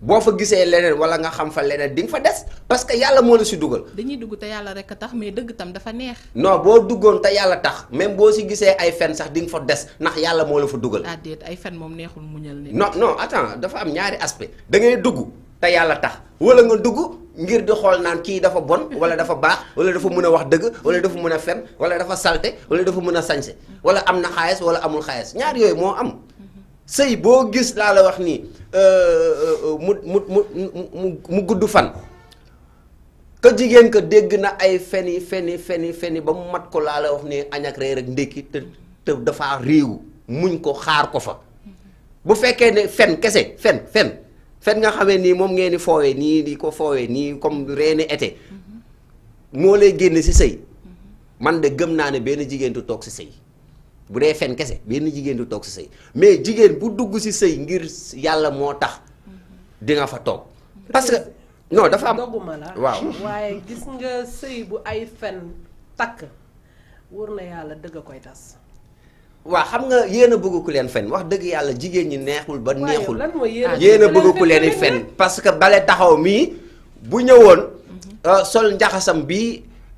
D: boo fa gisee leneen wala nga xam fa leneen di nga fa des parce que yàlla moo la si dugal.
A: dañuy dugg te yàlla a tax mais dëgg tam dafa neex.
D: non boo duggoon te yàlla tax même boo si gisee ay fen sax di fa des ndax yàlla moo la fa dugal. ah
A: ay fen moom neexul muñal ne. non non
D: attends dafa am ñaari aspect da dugg te yàlla tax wala nga dugg. ngir di xool naan kii dafa bon wala dafa baax wala dafa mën a wax dëgg wala dafa mën a fen wala dafa salte wala dafa mën a sañse wala am na xaalis wala amul xaalis ñaar yooyu moo am sëy boo gis laa la wax nii euh, euh, mu mu mu mu mu gudd fan ka jigéen ko dégg na ay feni feni feni feni ba mu mat ko laa la wax nii añ ak reer ak ndékki te te dafa réew muñ ko xaar ko fa bu fekkee ne fen kese fen fen fen nga xamee nii moom ngeen di foowee nii di ko foowee nii comme reeni été
E: mm-hmm.
D: moo lay génn si sëy man de gëm naa ne benn jigéen du toog ci sëy bu dee fen kese benn jigéen du toog si sëy mais jigéen bu dugg si sëy ngir yàlla moo tax di fa toog parce que non dafa am doguma
C: la waaw waaye gis nga sëy bu ay fen takk wóor na yàlla dëgg koy tas
D: waaw xam nga yéen a bëgg ku leen fen wax dëgg yàlla jigéen ñi neexul ba neexul
C: yéen a bëgg ku leen
D: fen parce que bale taxaw mii bu ñëwoon mhm. euh, sol njaxasam bi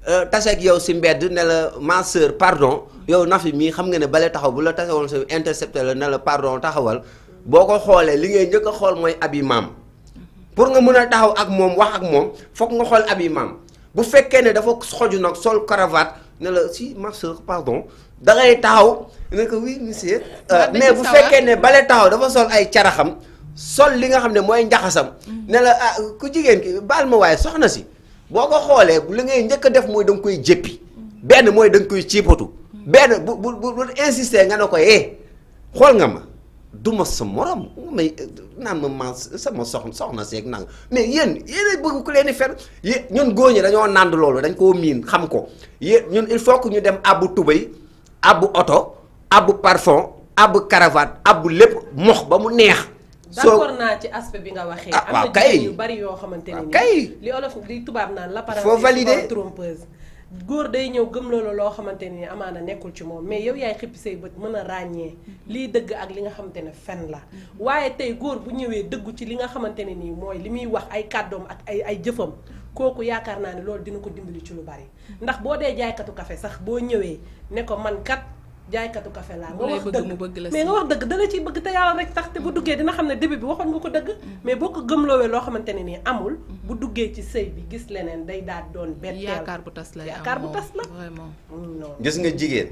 D: Euh, taseeg yow si mbedd ne la ma pardon yow Nafi mii xam nga ne bale taxaw bu la tase woon sa intercepté la ne la pardon taxawal boo ko xoolee li ngay njëkk xool mooy abi maam pour nga mën a taxaw ak moom wax ak moom foog nga xool abi maam bu fekkee ne dafa xoju nag sol cravate ne la si ma sœur pardon da ngay taxaw ne euh, bu fekkee ne bale taxaw dafa sol ay caraxam sol li nga xam ne mooy njaxasam. ne la ah ku jigéen ki baal ma waaye soxna si. boo ko xoolee li ngay njëkk a def mooy da nga koy jéppi benn mooy da nga koy ciipatu benn bu bu bu insister nga ne ko eh xool nga ma du ma sa morom mais naan ma ma sama soxna soxna seeg nang mais yéen yéen bëgg ko leen di fen yéen ñun góor ñi dañoo nand loolu dañ koo miin xam ko yéen ñun il faut que ñu dem abbu tubéy abbu oto ab parfum abbu cravate abbu lépp mox ba mu neex
C: d'accord naa ci aspect bi nga waxee. ah am na jigéen yu bari yoo xamante ne ah, nii. li olof li tubaab naan l'apparence. faut valider trompeuse. góor day ñëw gëm loolu loo xamante ni amaana nekkul ci moom mais yow yaay xippi say bët mën a ràññee mm-hmm. lii dëgg ak li nga xamante ne fen la mm-hmm. waaye tey góor bu ñëwee dëggu ci li nga xamante ne nii mooy li muy wax ay kàddoom ak ay ay jëfam kooku yaakaar naa ne loolu dina ko dimbali ci lu bari mm-hmm. ndax boo dee jaaykatu kafe sax boo ñëwee ne ko mankat jaaykatu kafe laa nga wax dëgg mais nga wax dëgg dala ci bëgg te yàlla rek tax te bu mm. duggee dina xam ne début bi waxoon nga ko dëgg mm. mais boo ko gëmloowee loo xamante ne nii amul mm. bu duggee ci sëy bi gis leneen day daal doon betteel yaakaar bu tas la yaakaar bu tas la gis nga
D: jigéen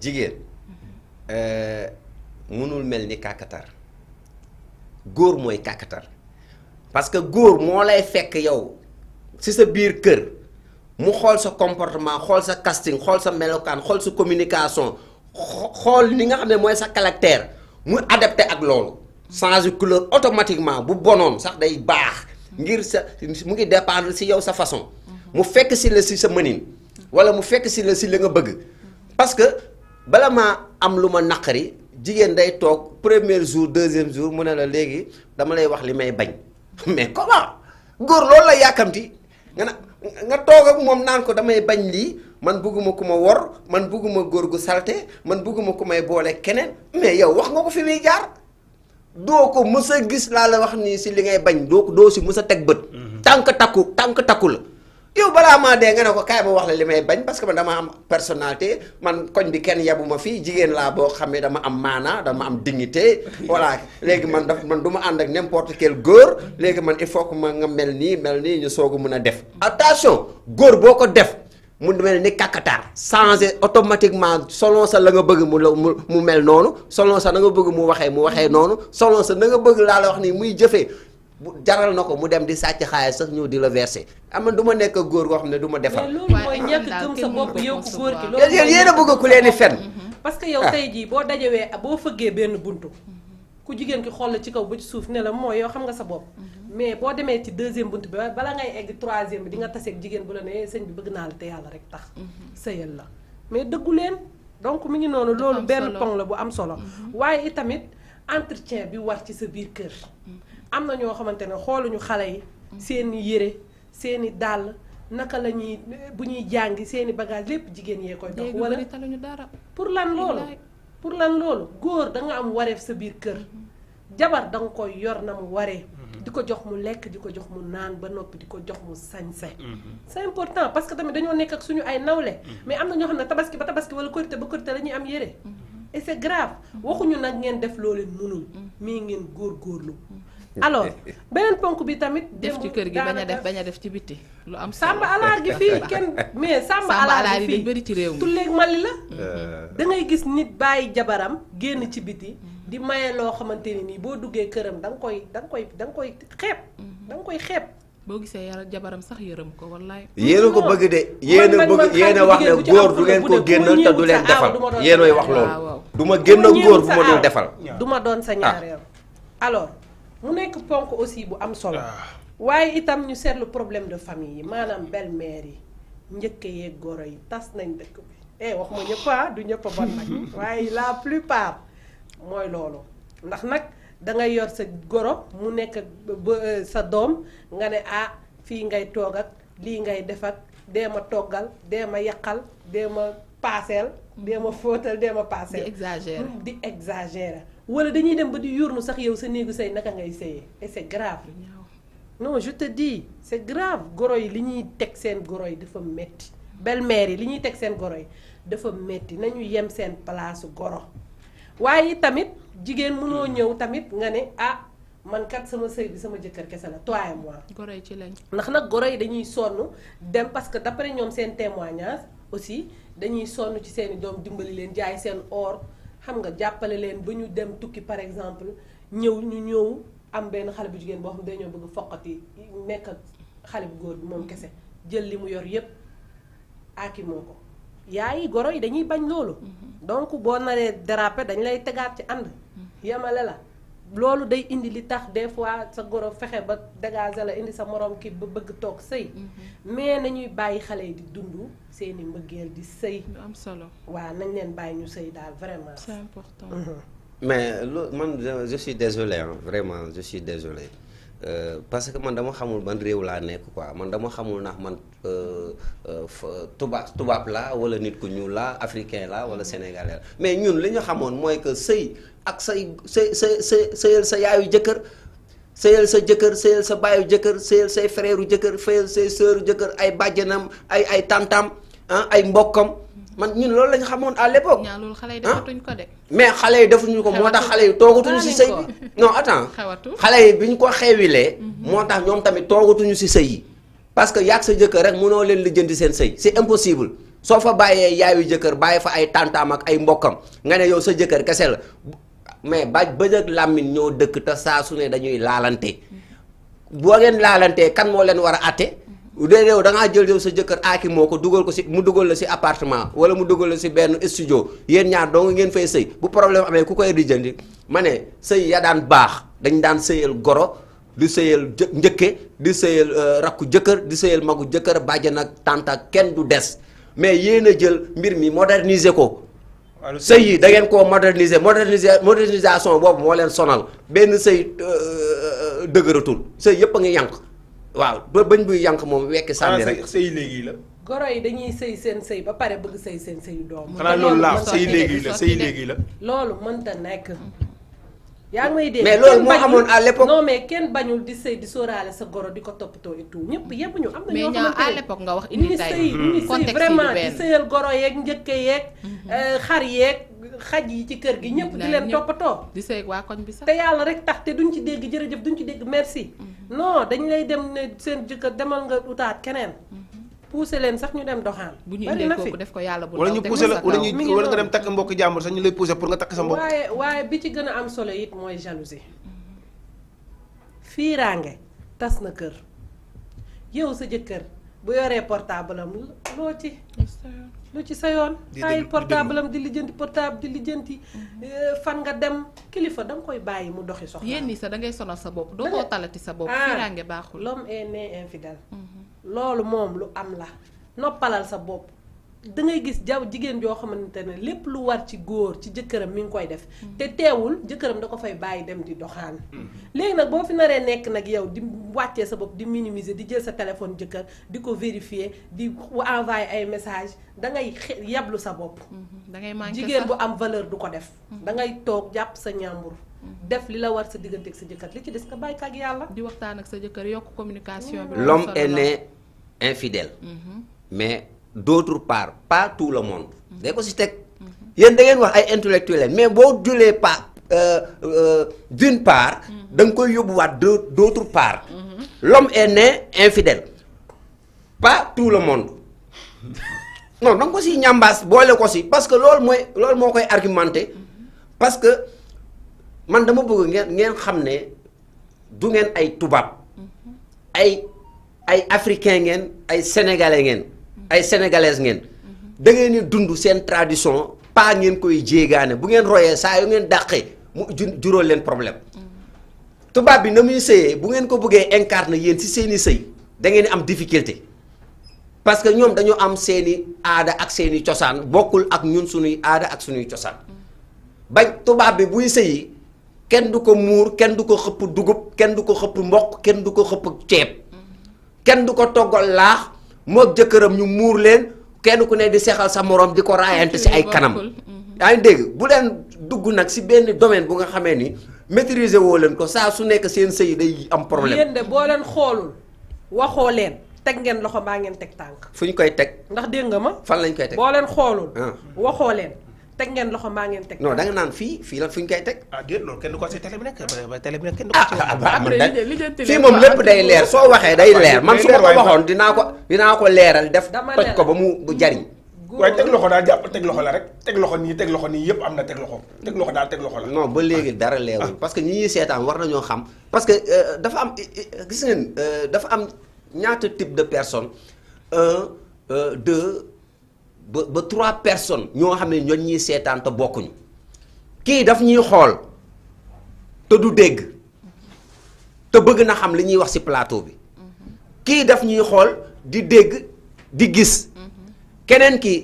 D: jigéen mm-hmm. euh, mënul mel ni kakatar góor mooy kàkkatar parce que góor moo lay fekk yow ci sa biir kër mu xool sa comportement xool sa casting xool sa melokaan xool sa communication xool li nga xam ne mooy sa caractère mu adapté ak loolu changer couleur automatiquement bu bonoon sax day baax ngir sa mu ngi dépendre si yow sa façon mu fekk si la si sa mënin wala mu fekk si la si li nga bëgg parce que bala maa am lu ma naqari jigéen day toog première jour deuxième jour mu ne la léegi dama lay wax li may bañ mais comment góor loolu la yàkkamti nga na nga toog ak moom naan ko damay bañ lii man bugguma ku ma wor man bugguma góor gu salte man bugguma ku may boole keneen mais yow wax nga ko fi muy jaar doo ko mës a gis laa la wax nii si li ngay bañ doo doo si mës a teg bët. Mhm. tànk takku tànk takku la. yow balaa maa dee nga ne ko kaay ma wax la li may bañ parce que man dama am personnalité man koñ bi kenn yabu fii jigéen laa boo xam ne dama am maanaa dama am dignité voilà léegi man daf man du ma ànd ak n'importe quel góor léegi man il faut que nga mel nii mel nii ñu soog mën a def. attention góor boo ko def. mu mel ni kàkkatar changer automatiquement selon sa la nga bëgg mu la mu mu mel noonu solon sa na nga bëgg mu waxee mu waxee noonu solon sa na nga bëgg laa la wax nii muy jëfee bu jaral na ko mu dem di sàcc xaalis sax ñëw di la verser am na du ma nekk góor koo xam ne du ma defar. loolu
C: mooy ñàkk gëm sa bopp yow ku góor ki. loolu yéen a bëgg ku leen di fen. parce que yow ah. tey jii boo dajewee boo fëggee benn buntu. ku jigéen ki xool la ci kaw ba ci suuf ne la mooy yoo xam nga sa bopp mhm. mais boo demee ci deuxième bunt bi bala ngay egg troisième bi di nga taseeg jigéen bu la ne sëñ bi bëgg naa la te yàlla rek tax mhm. sëyal la mais dëggu leen donc mi ngi noonu loolu benn pont la bu am solo mhm. waaye itamit entretien bi war ci sa biir kër am na ñoo xamante ne xooluñu xale yi seeni yére seen i dàll naka la ñuy bu ñuy jàngi seeni i bagage lépp jigéen yee koy dox wala pour lan loolu pour lan loolu góor da nga am wareef sa biir kër jabar da nga yor na mu waree mhm. di ko jox mu lekk di ko jox mu naan ba noppi di ko jox mu sañse mhm. c'est important parce que tamit dañoo nekk ak suñu ay nawle mhm. mais am na ñoo xam ne tabaski ba tabaski wala korité ba korité la am yére et c'est grave waxuñu nag ngeen def loo leen mënul mais ngeen góor góorlu alors beneen ponk bi tamit. def ci kër gi bañ a def bañ a def ci bitti. lu am sàmba alaar gi fii kenn mais sàmba alaar gi fii bëri ci réew mi tulleeg mali la.
D: Mm-hmm. Euh.
C: da ngay gis nit bàyyi jabaram génn ci bitti. di maye loo xamante ni nii boo duggee këram da koy da koy da nga koy xeeb. Mm-hmm. da koy xeeb. boo gisee yàlla jabaram sax yërëm ko wallaay.
D: Mm-hmm. yéen a ko bëgg de yéen a bëgg yéen a wax ne góor du leen ko génnal te du leen defal
C: yéen ay wax loolu. du ma génn góor bu ma dul defal. du ma doon sa ñaareel ah. alors mu nekk ponk aussi bu am solo. Ah. waaye itam ñu seetlu problème de famille yi maanaam belle-mère yi njëkk yee goro yi tas nañ dëkk bi eh wax ma ñëpp ah, du ñëpp bon nag. waaye la plu plupart mooy loolu ndax nag da ngay yor sa goro mu nekk eh, sa doom nga ne ah fii ngay toog ak lii ngay def ak dee ma toggal dee ma yàqal dee ma paaseel dee ma fóotal dee ma paaseel. di exagérer di exagérer. wala dañuy dem ba di yurnu sax yow sa néegu say naka ngay sëyee e c'est grave non je te dis c'est grave goro yi li ñuy teg seen goro yi dafa metti belle yi li ñuy teg seen goro yi dafa metti nañu yem seen palaasu goro waaye tamit jigéen mënoo ñëw tamit nga ne ah man kat sama sëy bi sama jëkkër kese la toi et moi. goro yi ci lañ. ndax nag goro yi dañuy sonn dem parce que d'après ñoom seen témoignage aussi dañuy sonn ci seen i doom dimbali leen jaay seen or. xam nga jàppale leen ba ñu dem tukki par exemple ñëw ñu ñëw am benn xale bu jigéen boo xam dañoo bëgg foqati nekk ak xale bu góor bi moom kese jël li mu yor yépp aaki moo ko yaay goro yi dañuy bañ loolu mm-hmm. donc boo naree déraper dañ lay tegaat ci ànd mm-hmm. yemale la loolu day indi li tax des fois sa goro fexe ba dégager la indi sa moroom ki ba bëgg toog sëy mhm. mais nañuy bàyyi xale yi di dund seeni mbëggeel di sëy lu am solo waa nañ leen bàyyi ñu sëy daal vraiment c'est important mhm.
D: mais lu man je suis désolé vraiment je suis désolé Euh, parce que man dama xamul ban réew laa nekk quoi man dama xamul ndax man euh, euh, tubaab tubaab laa wala nit ku ñuul la africain la wala mm-hmm. sénégalais la mais ñun li ñu xamoon mooy que sëy ak say say say say sëyal sa yaayu jëkkër sëyal sa jëkkër sëyal sa baayu jëkkër sëyal say frère jëkkër sëyal say sœuru jëkkër ay bàjjanam ay ay tàntam ah, ay mbokkam man ñun loolu lañ xamoon à l'époque. xale yi defatuñ ko de. mais xale yi defuñu ko moo tax xale yi toogatuñu si sëy bi non attends xale yi bi ñu ko xeewilee mhm. moo tax ñoom tamit toogatuñu si sëy yi parce que yàgg sa jëkkër rek mënoo leen lijjanti seen sëy si impossible soo fa bàyyee yaayu jëkkër bàyyi fa ay tantaam ak ay mbokkam nga ne yow sa jëkkër kese la mais baaj bëj ak làmmiñ ñoo dëkk te saa su ne dañuy laalante mhm. boo ngeen laalantee kan moo leen war a àtte dee yow da ngaa jël yow sa jëkkër aaki moo ko dugal ko si mu dugal la si appartement wala mu dugal la si benn studio yéen ñaar dong ngeen fay sëy bu problème amee ku koy lijjanti ma ne sëy ya daan baax dañ daan sëyal goro di sëyal njëkke di sëyal euh, rakku jëkkër di sëyal magu jëkkër bàjjan ak tànt ak kenn du des mais yéen a jël mbir mi moderniser ko sëy yi dangeen ngeen koo moderniser moderniser modernisation boobu moo leen sonal benn sëy euh, euh, dëgëratul sëy yëpp a ngi yànq waaw ba bëñ buy yànq moom wekk sànni rek sëy
F: léegi la
C: goro yi dañuy sëy seen sëy ba pare bëgg sëy seen sëyu doom xanaa loolu laa sëy léegi la sëy léegi la loolu mënta nekk yaa ngi may dégg mais loolu moo amoon à l'époque non kenn bañul di sëy di sa goro di ko toppatoo et tout ñëpp yëpp ñu am na ñoo xamante ne à nga wax indi tey ñu ngi sëy ñu ngi sëy sëyal goro yeeg njëkke yeeg mhm. euh, xar yeeg xaj yi ci kër gi ñëpp di leen toppatoo di seeg waa koñ bi sax te yàlla rek tax te duñ ci dégg jërëjëf duñ ci dégg merci mm-hmm. non dañu lay dem ne seen jëkkër demal nga utaat keneen mm-hmm. poussé leen sax ñu dem doxaan bu ñu indee kooku def ko yàlla bu la ñu wala nga dem
F: takk mbokk jàmbur sax ñu lay poussé pour nga takk sa mbokk
C: waaye waaye bi ci gën a am solo it mooy jalousie mm-hmm. fiiraange tas na kër yow sa jëkkër bu yoree portable am loo ci lu ci sa yoon ay portable am di lijjanti portable di lijjanti mm-hmm. eh, fan nga dem kilifa da nga koy bàyyi mu doxi soxla yenn
A: yi sax da ngay sonal sa bopp doo koo
C: talati sa bopp ah, fiiraange baaxul l'homme est né infidèle mm-hmm. loolu moom lu am la noppalal sa bopp da ngay gis jaw jigéen joo xamante ne lépp lu war ci góor ci jëkkëram mi ngi koy def te teewul jëkkëram da ko fay bàyyi dem di doxaan léegi nag boo fi naree nekk nag yow di wàccee sa bopp di minimiser di jël sa téléphone jëkkër di ko vérifier di envoyer ay message da ngay yablu sa bopp da ngay manqué jigéen bu am valeur du ko def mm-hmm. da ngay toog jàpp sa ñàmbur mm-hmm. def li la war sa diggante ak sa jëkkër li ci des nga bàyyi ko yàlla di waxtaan ak sa jëkkër yokk communication bi l'homme
D: est d'autre part pas tout le monde. day ko si teg yéen dangeen wax ay intellectuels mais boo julee pas euh, euh, d'une part. da nga koy yóbbuwaat d'autre part. l'homme est né infidèle pas tout le monde. non da ko si ñambaas boole ko si parce que loolu mooy loolu moo koy argumenté parce que man dama bëgg ngeen ngeen xam ne du ngeen ay tubaab ay ay africain ngeen ay sénégalais ngeen. ay sénégalaises ngeen. da ngeen dund seen tradition pas ngeen koy jéegaane bu ngeen royee saa yu ngeen dàqee mu juróol leen problème. tubaab bi na muy sëyee bu ngeen ko bëggee na yéen si seeni sëy da ngeen am difficulté. parce que ñoom dañoo am seeni aada ak seeni cosaan bokkul ak ñun suñuy aada ak suñuy cosaan. bañ tubaab bi buy sëyi kenn du ko muur kenn du ko xëpp dugub kenn du ko xëpp mboq kenn du ko xëpp ceeb. kenn du ko toggal laax. moo jëkkëram ñu muur leen kenn ku ne di seexal sa morom di ko raayante si ay kanam.
E: Mm-hmm.
D: yaa ngi dégg bu leen dugg nag si benn domaine bu nga xamee ni maîtriser woo leen ko saa su nekk seen sëy day am problème. yéen
C: de boo leen xoolul waxoo leen teg ngeen loxo baa ngeen teg tànk.
D: fu ñu koy teg. ndax dégg ma. fan lañ koy teg boo leen xoolul. Ah.
C: waxoo leen. teg ngeen loxo maa ngeen teg. non da nga
D: naan fii fii la fu ñu koy teg. Ah, ko ci ah, ah, fii moom lépp day leer soo waxee day leer man su ma ko waxoon dinaa ko dinaa ko leeral def. toj ko ba mu jariñ waaye teg loxo daal jàpp teg loxo la rek teg loxo nii teg loxo nii yëpp am na teg loxo teg loxo daal teg loxo la. non ba léegi dara leerul parce que ñi ñuy seetaan war nañoo xam parce que euh, dafa am gis ngeen euh, dafa am ñaata type de personne un euh, ba ba trois personnes ñoo xam ne ñoon ñuy seetaan te bokkuñu kii daf ñuy xool te du dégg te bëgg na xam li ñuy wax ci plateau bi kii daf ñuy xool di dégg di gis keneen ki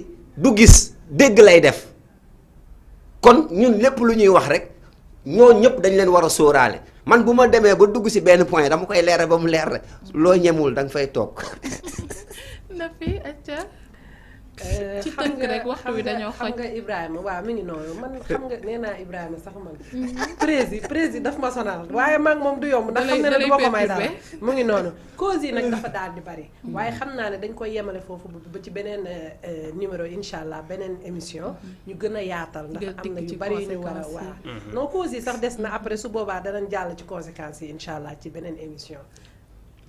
D: du gis dégg lay def kon ñun lépp lu ñuy wax rek ñoo ñëpp dañ leen war a sóoraale man bu ma demee ba dugg ci benn point dama koy leeral ba mu leer rek loo ñemul danga fay toog.
C: Euh, ci tënk rek waxtu wi dañoo xoj xam nga Ibrahima waa mi ngi noonu man xam nga nee naa Ibrahima sax man. Mhm. prési prési dafa ma sonal waaye maag moom du yomb ndax xam ne ne du ma ko may daal mu ngi noonu causes yi nag mm. dafa daal di bari. Mm. waaye xam naa ne dañ koy yemale foofu ba ci beneen euh, euh, numéro incha allah beneen émission. Mm-hmm. ñu gën a yaatal ndax am na ci bari yu ñu war a waaw mm-hmm. noo causes yi sax des na après su boobaa danañ jàll ci conséquences yi incha allah ci beneen émission.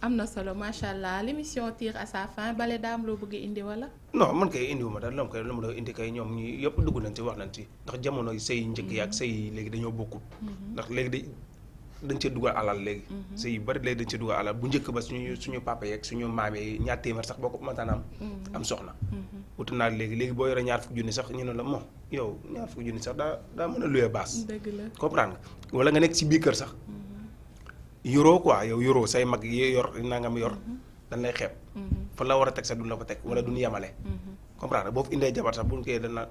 A: am na solo macha allah l' émission tire à sa fin Bale daam loo bëgg indi wala.
F: non man kay indi wu ma daal lam kay lam la indi kay ñoom ñi yëpp dugg nañ ci wax nañ ci ndax jamono mhm. mhm. alal léegi. Mhm. sëy bari léegi dañ cee dugal alal bu njëkk ba suñu suñu papa yeeg suñu maam yi ñaar téeméer sax boo ko mataan am. am soxna. ut naa léegi léegi boo yore ñaar fukki junni sax ñu ne la moom yow ñaar fukki junni sax daa daa mën a luye baas. dëgg la nga nekk ci biir kër sax yoroo quoi yow yoroo say mag yi yor nangam yor mhm. dañ lay xeeb mhm. fan la war a teg sax duñ la ko teg wala duñ yemale mhm. comprendre boo fi indee jabar sax buñ koy dana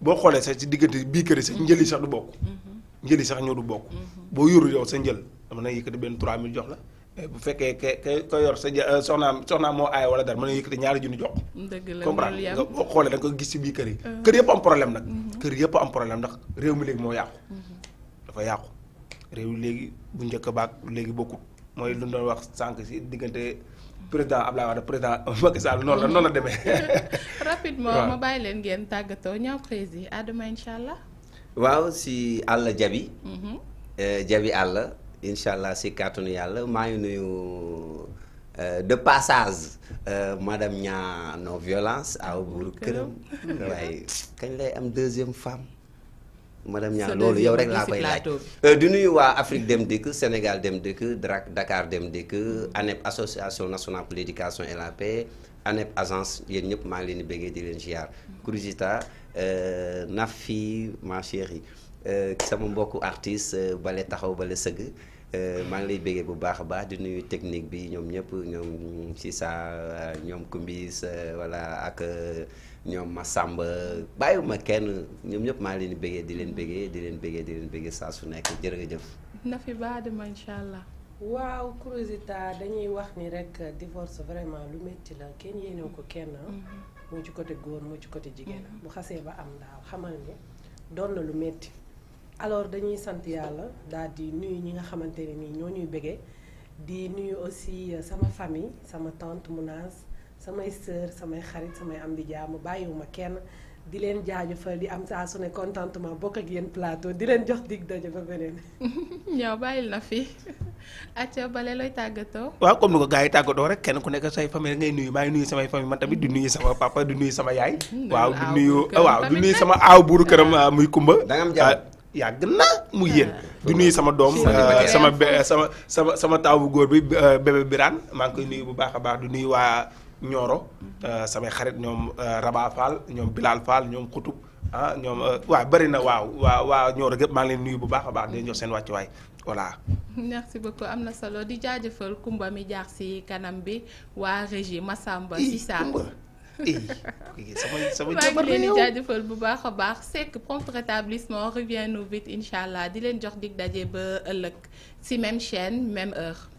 F: boo xoolee sax ci diggante bii kër sax njëli sax du bokk njëli sax ñoo du bokk boo yoru yow sa njël dama na yëkkati benn 3000 jox la bu fekkee ke ke ko yor sa euh, soxnaam soxnaam moo aay wala dara euh. kër yëpp am problème ndax réew mi léegi moo yàqu dafa yàqu réew léegi bu njëkk baak léegi bokkut mooy lu doon wax sànq si diggante président Abdoulaye Wade président Macky
D: Sall noonu la noonu la demee.
A: rapidement ma bàyyi leen ngeen tàggatoo ñaaw président Adama incha allah.
D: waaw si àll jabi. Mhm. Eh, jabi àll incha allah si kàttanu yàlla maa ngi nuyu eh, de passage eh, madame ñaa non violence aw buuru këram. waaye kañ lay am deuxième femme. madame Niang loolu yow rek laa koy laaj du euh, nuyu waa Afrique Dem Dikk Sénégal Dem Dikk Drak dakaar Dem Dikk ANEP association nationale pour l'éducation et la paix ANEP agence yéen ñëpp maa ngi leen di bëggee di leen ziar Kourjita euh, Nafi ma chérie yi euh, sama mbokk artiste bale taxaw bale sëgg maa ngi lay bëggee bu baax a baax du nuyu technique bi ñoom ñëpp ñoom Cissa ñoom Kumbis voilà ak ñoom ma Massamba bàyyiwuma kenn ñoom ñëpp maa leen di bëggee di leen bëggee di leen bëggee di leen bëggee saa su nekk jërëjëf.
C: na fi baadama incha allah. waaw Kourouzita dañuy wax ni rek divorce vraiment lu métti la kenn yéenewu ko kenn. Ah.
E: Mhm.
C: moo ci côté góor moo ci côté jigéen. Mhm. bu xasee ba am daaw xamal ni doon lu métti. alors dañuy sant yàlla daal di nuyu ñi nga xamante ne nii ñoo ñuy bëggee di nuyu aussi euh, sama famille sama tante munaas samay sœur samay xarit samay am di jaamu ma kenn di leen jaajëfal di am saa su ne
F: contentement bokk ak yéen plateau di leen jox dig daje ba beneen.
A: yow bàyyil na fi. acca bale looy tàggatoo.
F: waaw comme ni ko gars yi tàggatoo rek kenn ku nekk say famille ngay nuyu maa ngi nuyu samay famille man tamit di nuyu sama papa di nuyu sama yaay. waaw di nuyu sama aaw buur këram ah. muy Kumba. Ah, yàgg na mu ah. yéen di nuyu sama doom sama sama sama sama taaw góor bi bébé Birane bu baax a baax di nuyu waa. Nioro euh, samay xarit ñoom euh, Raba Fall ñoom Bilal Fall ñoom Kutub ah ñoom euh, waaw bëri na waaw waa waa Nioro gépp maa ngi leen nuyu bu baax a baax di jox seen wàccuwaay voilà.
E: merci
A: beaucoup am na solo di jaajëfal Kumba mi jaax si kanam bi waa régie Massamba Sissa maa
E: ngi leen
A: di bu baax a baax sekk prompt rétablissement revient nous vite incha allah di leen jox digg daje ba ëllëg ci même chaîne même heure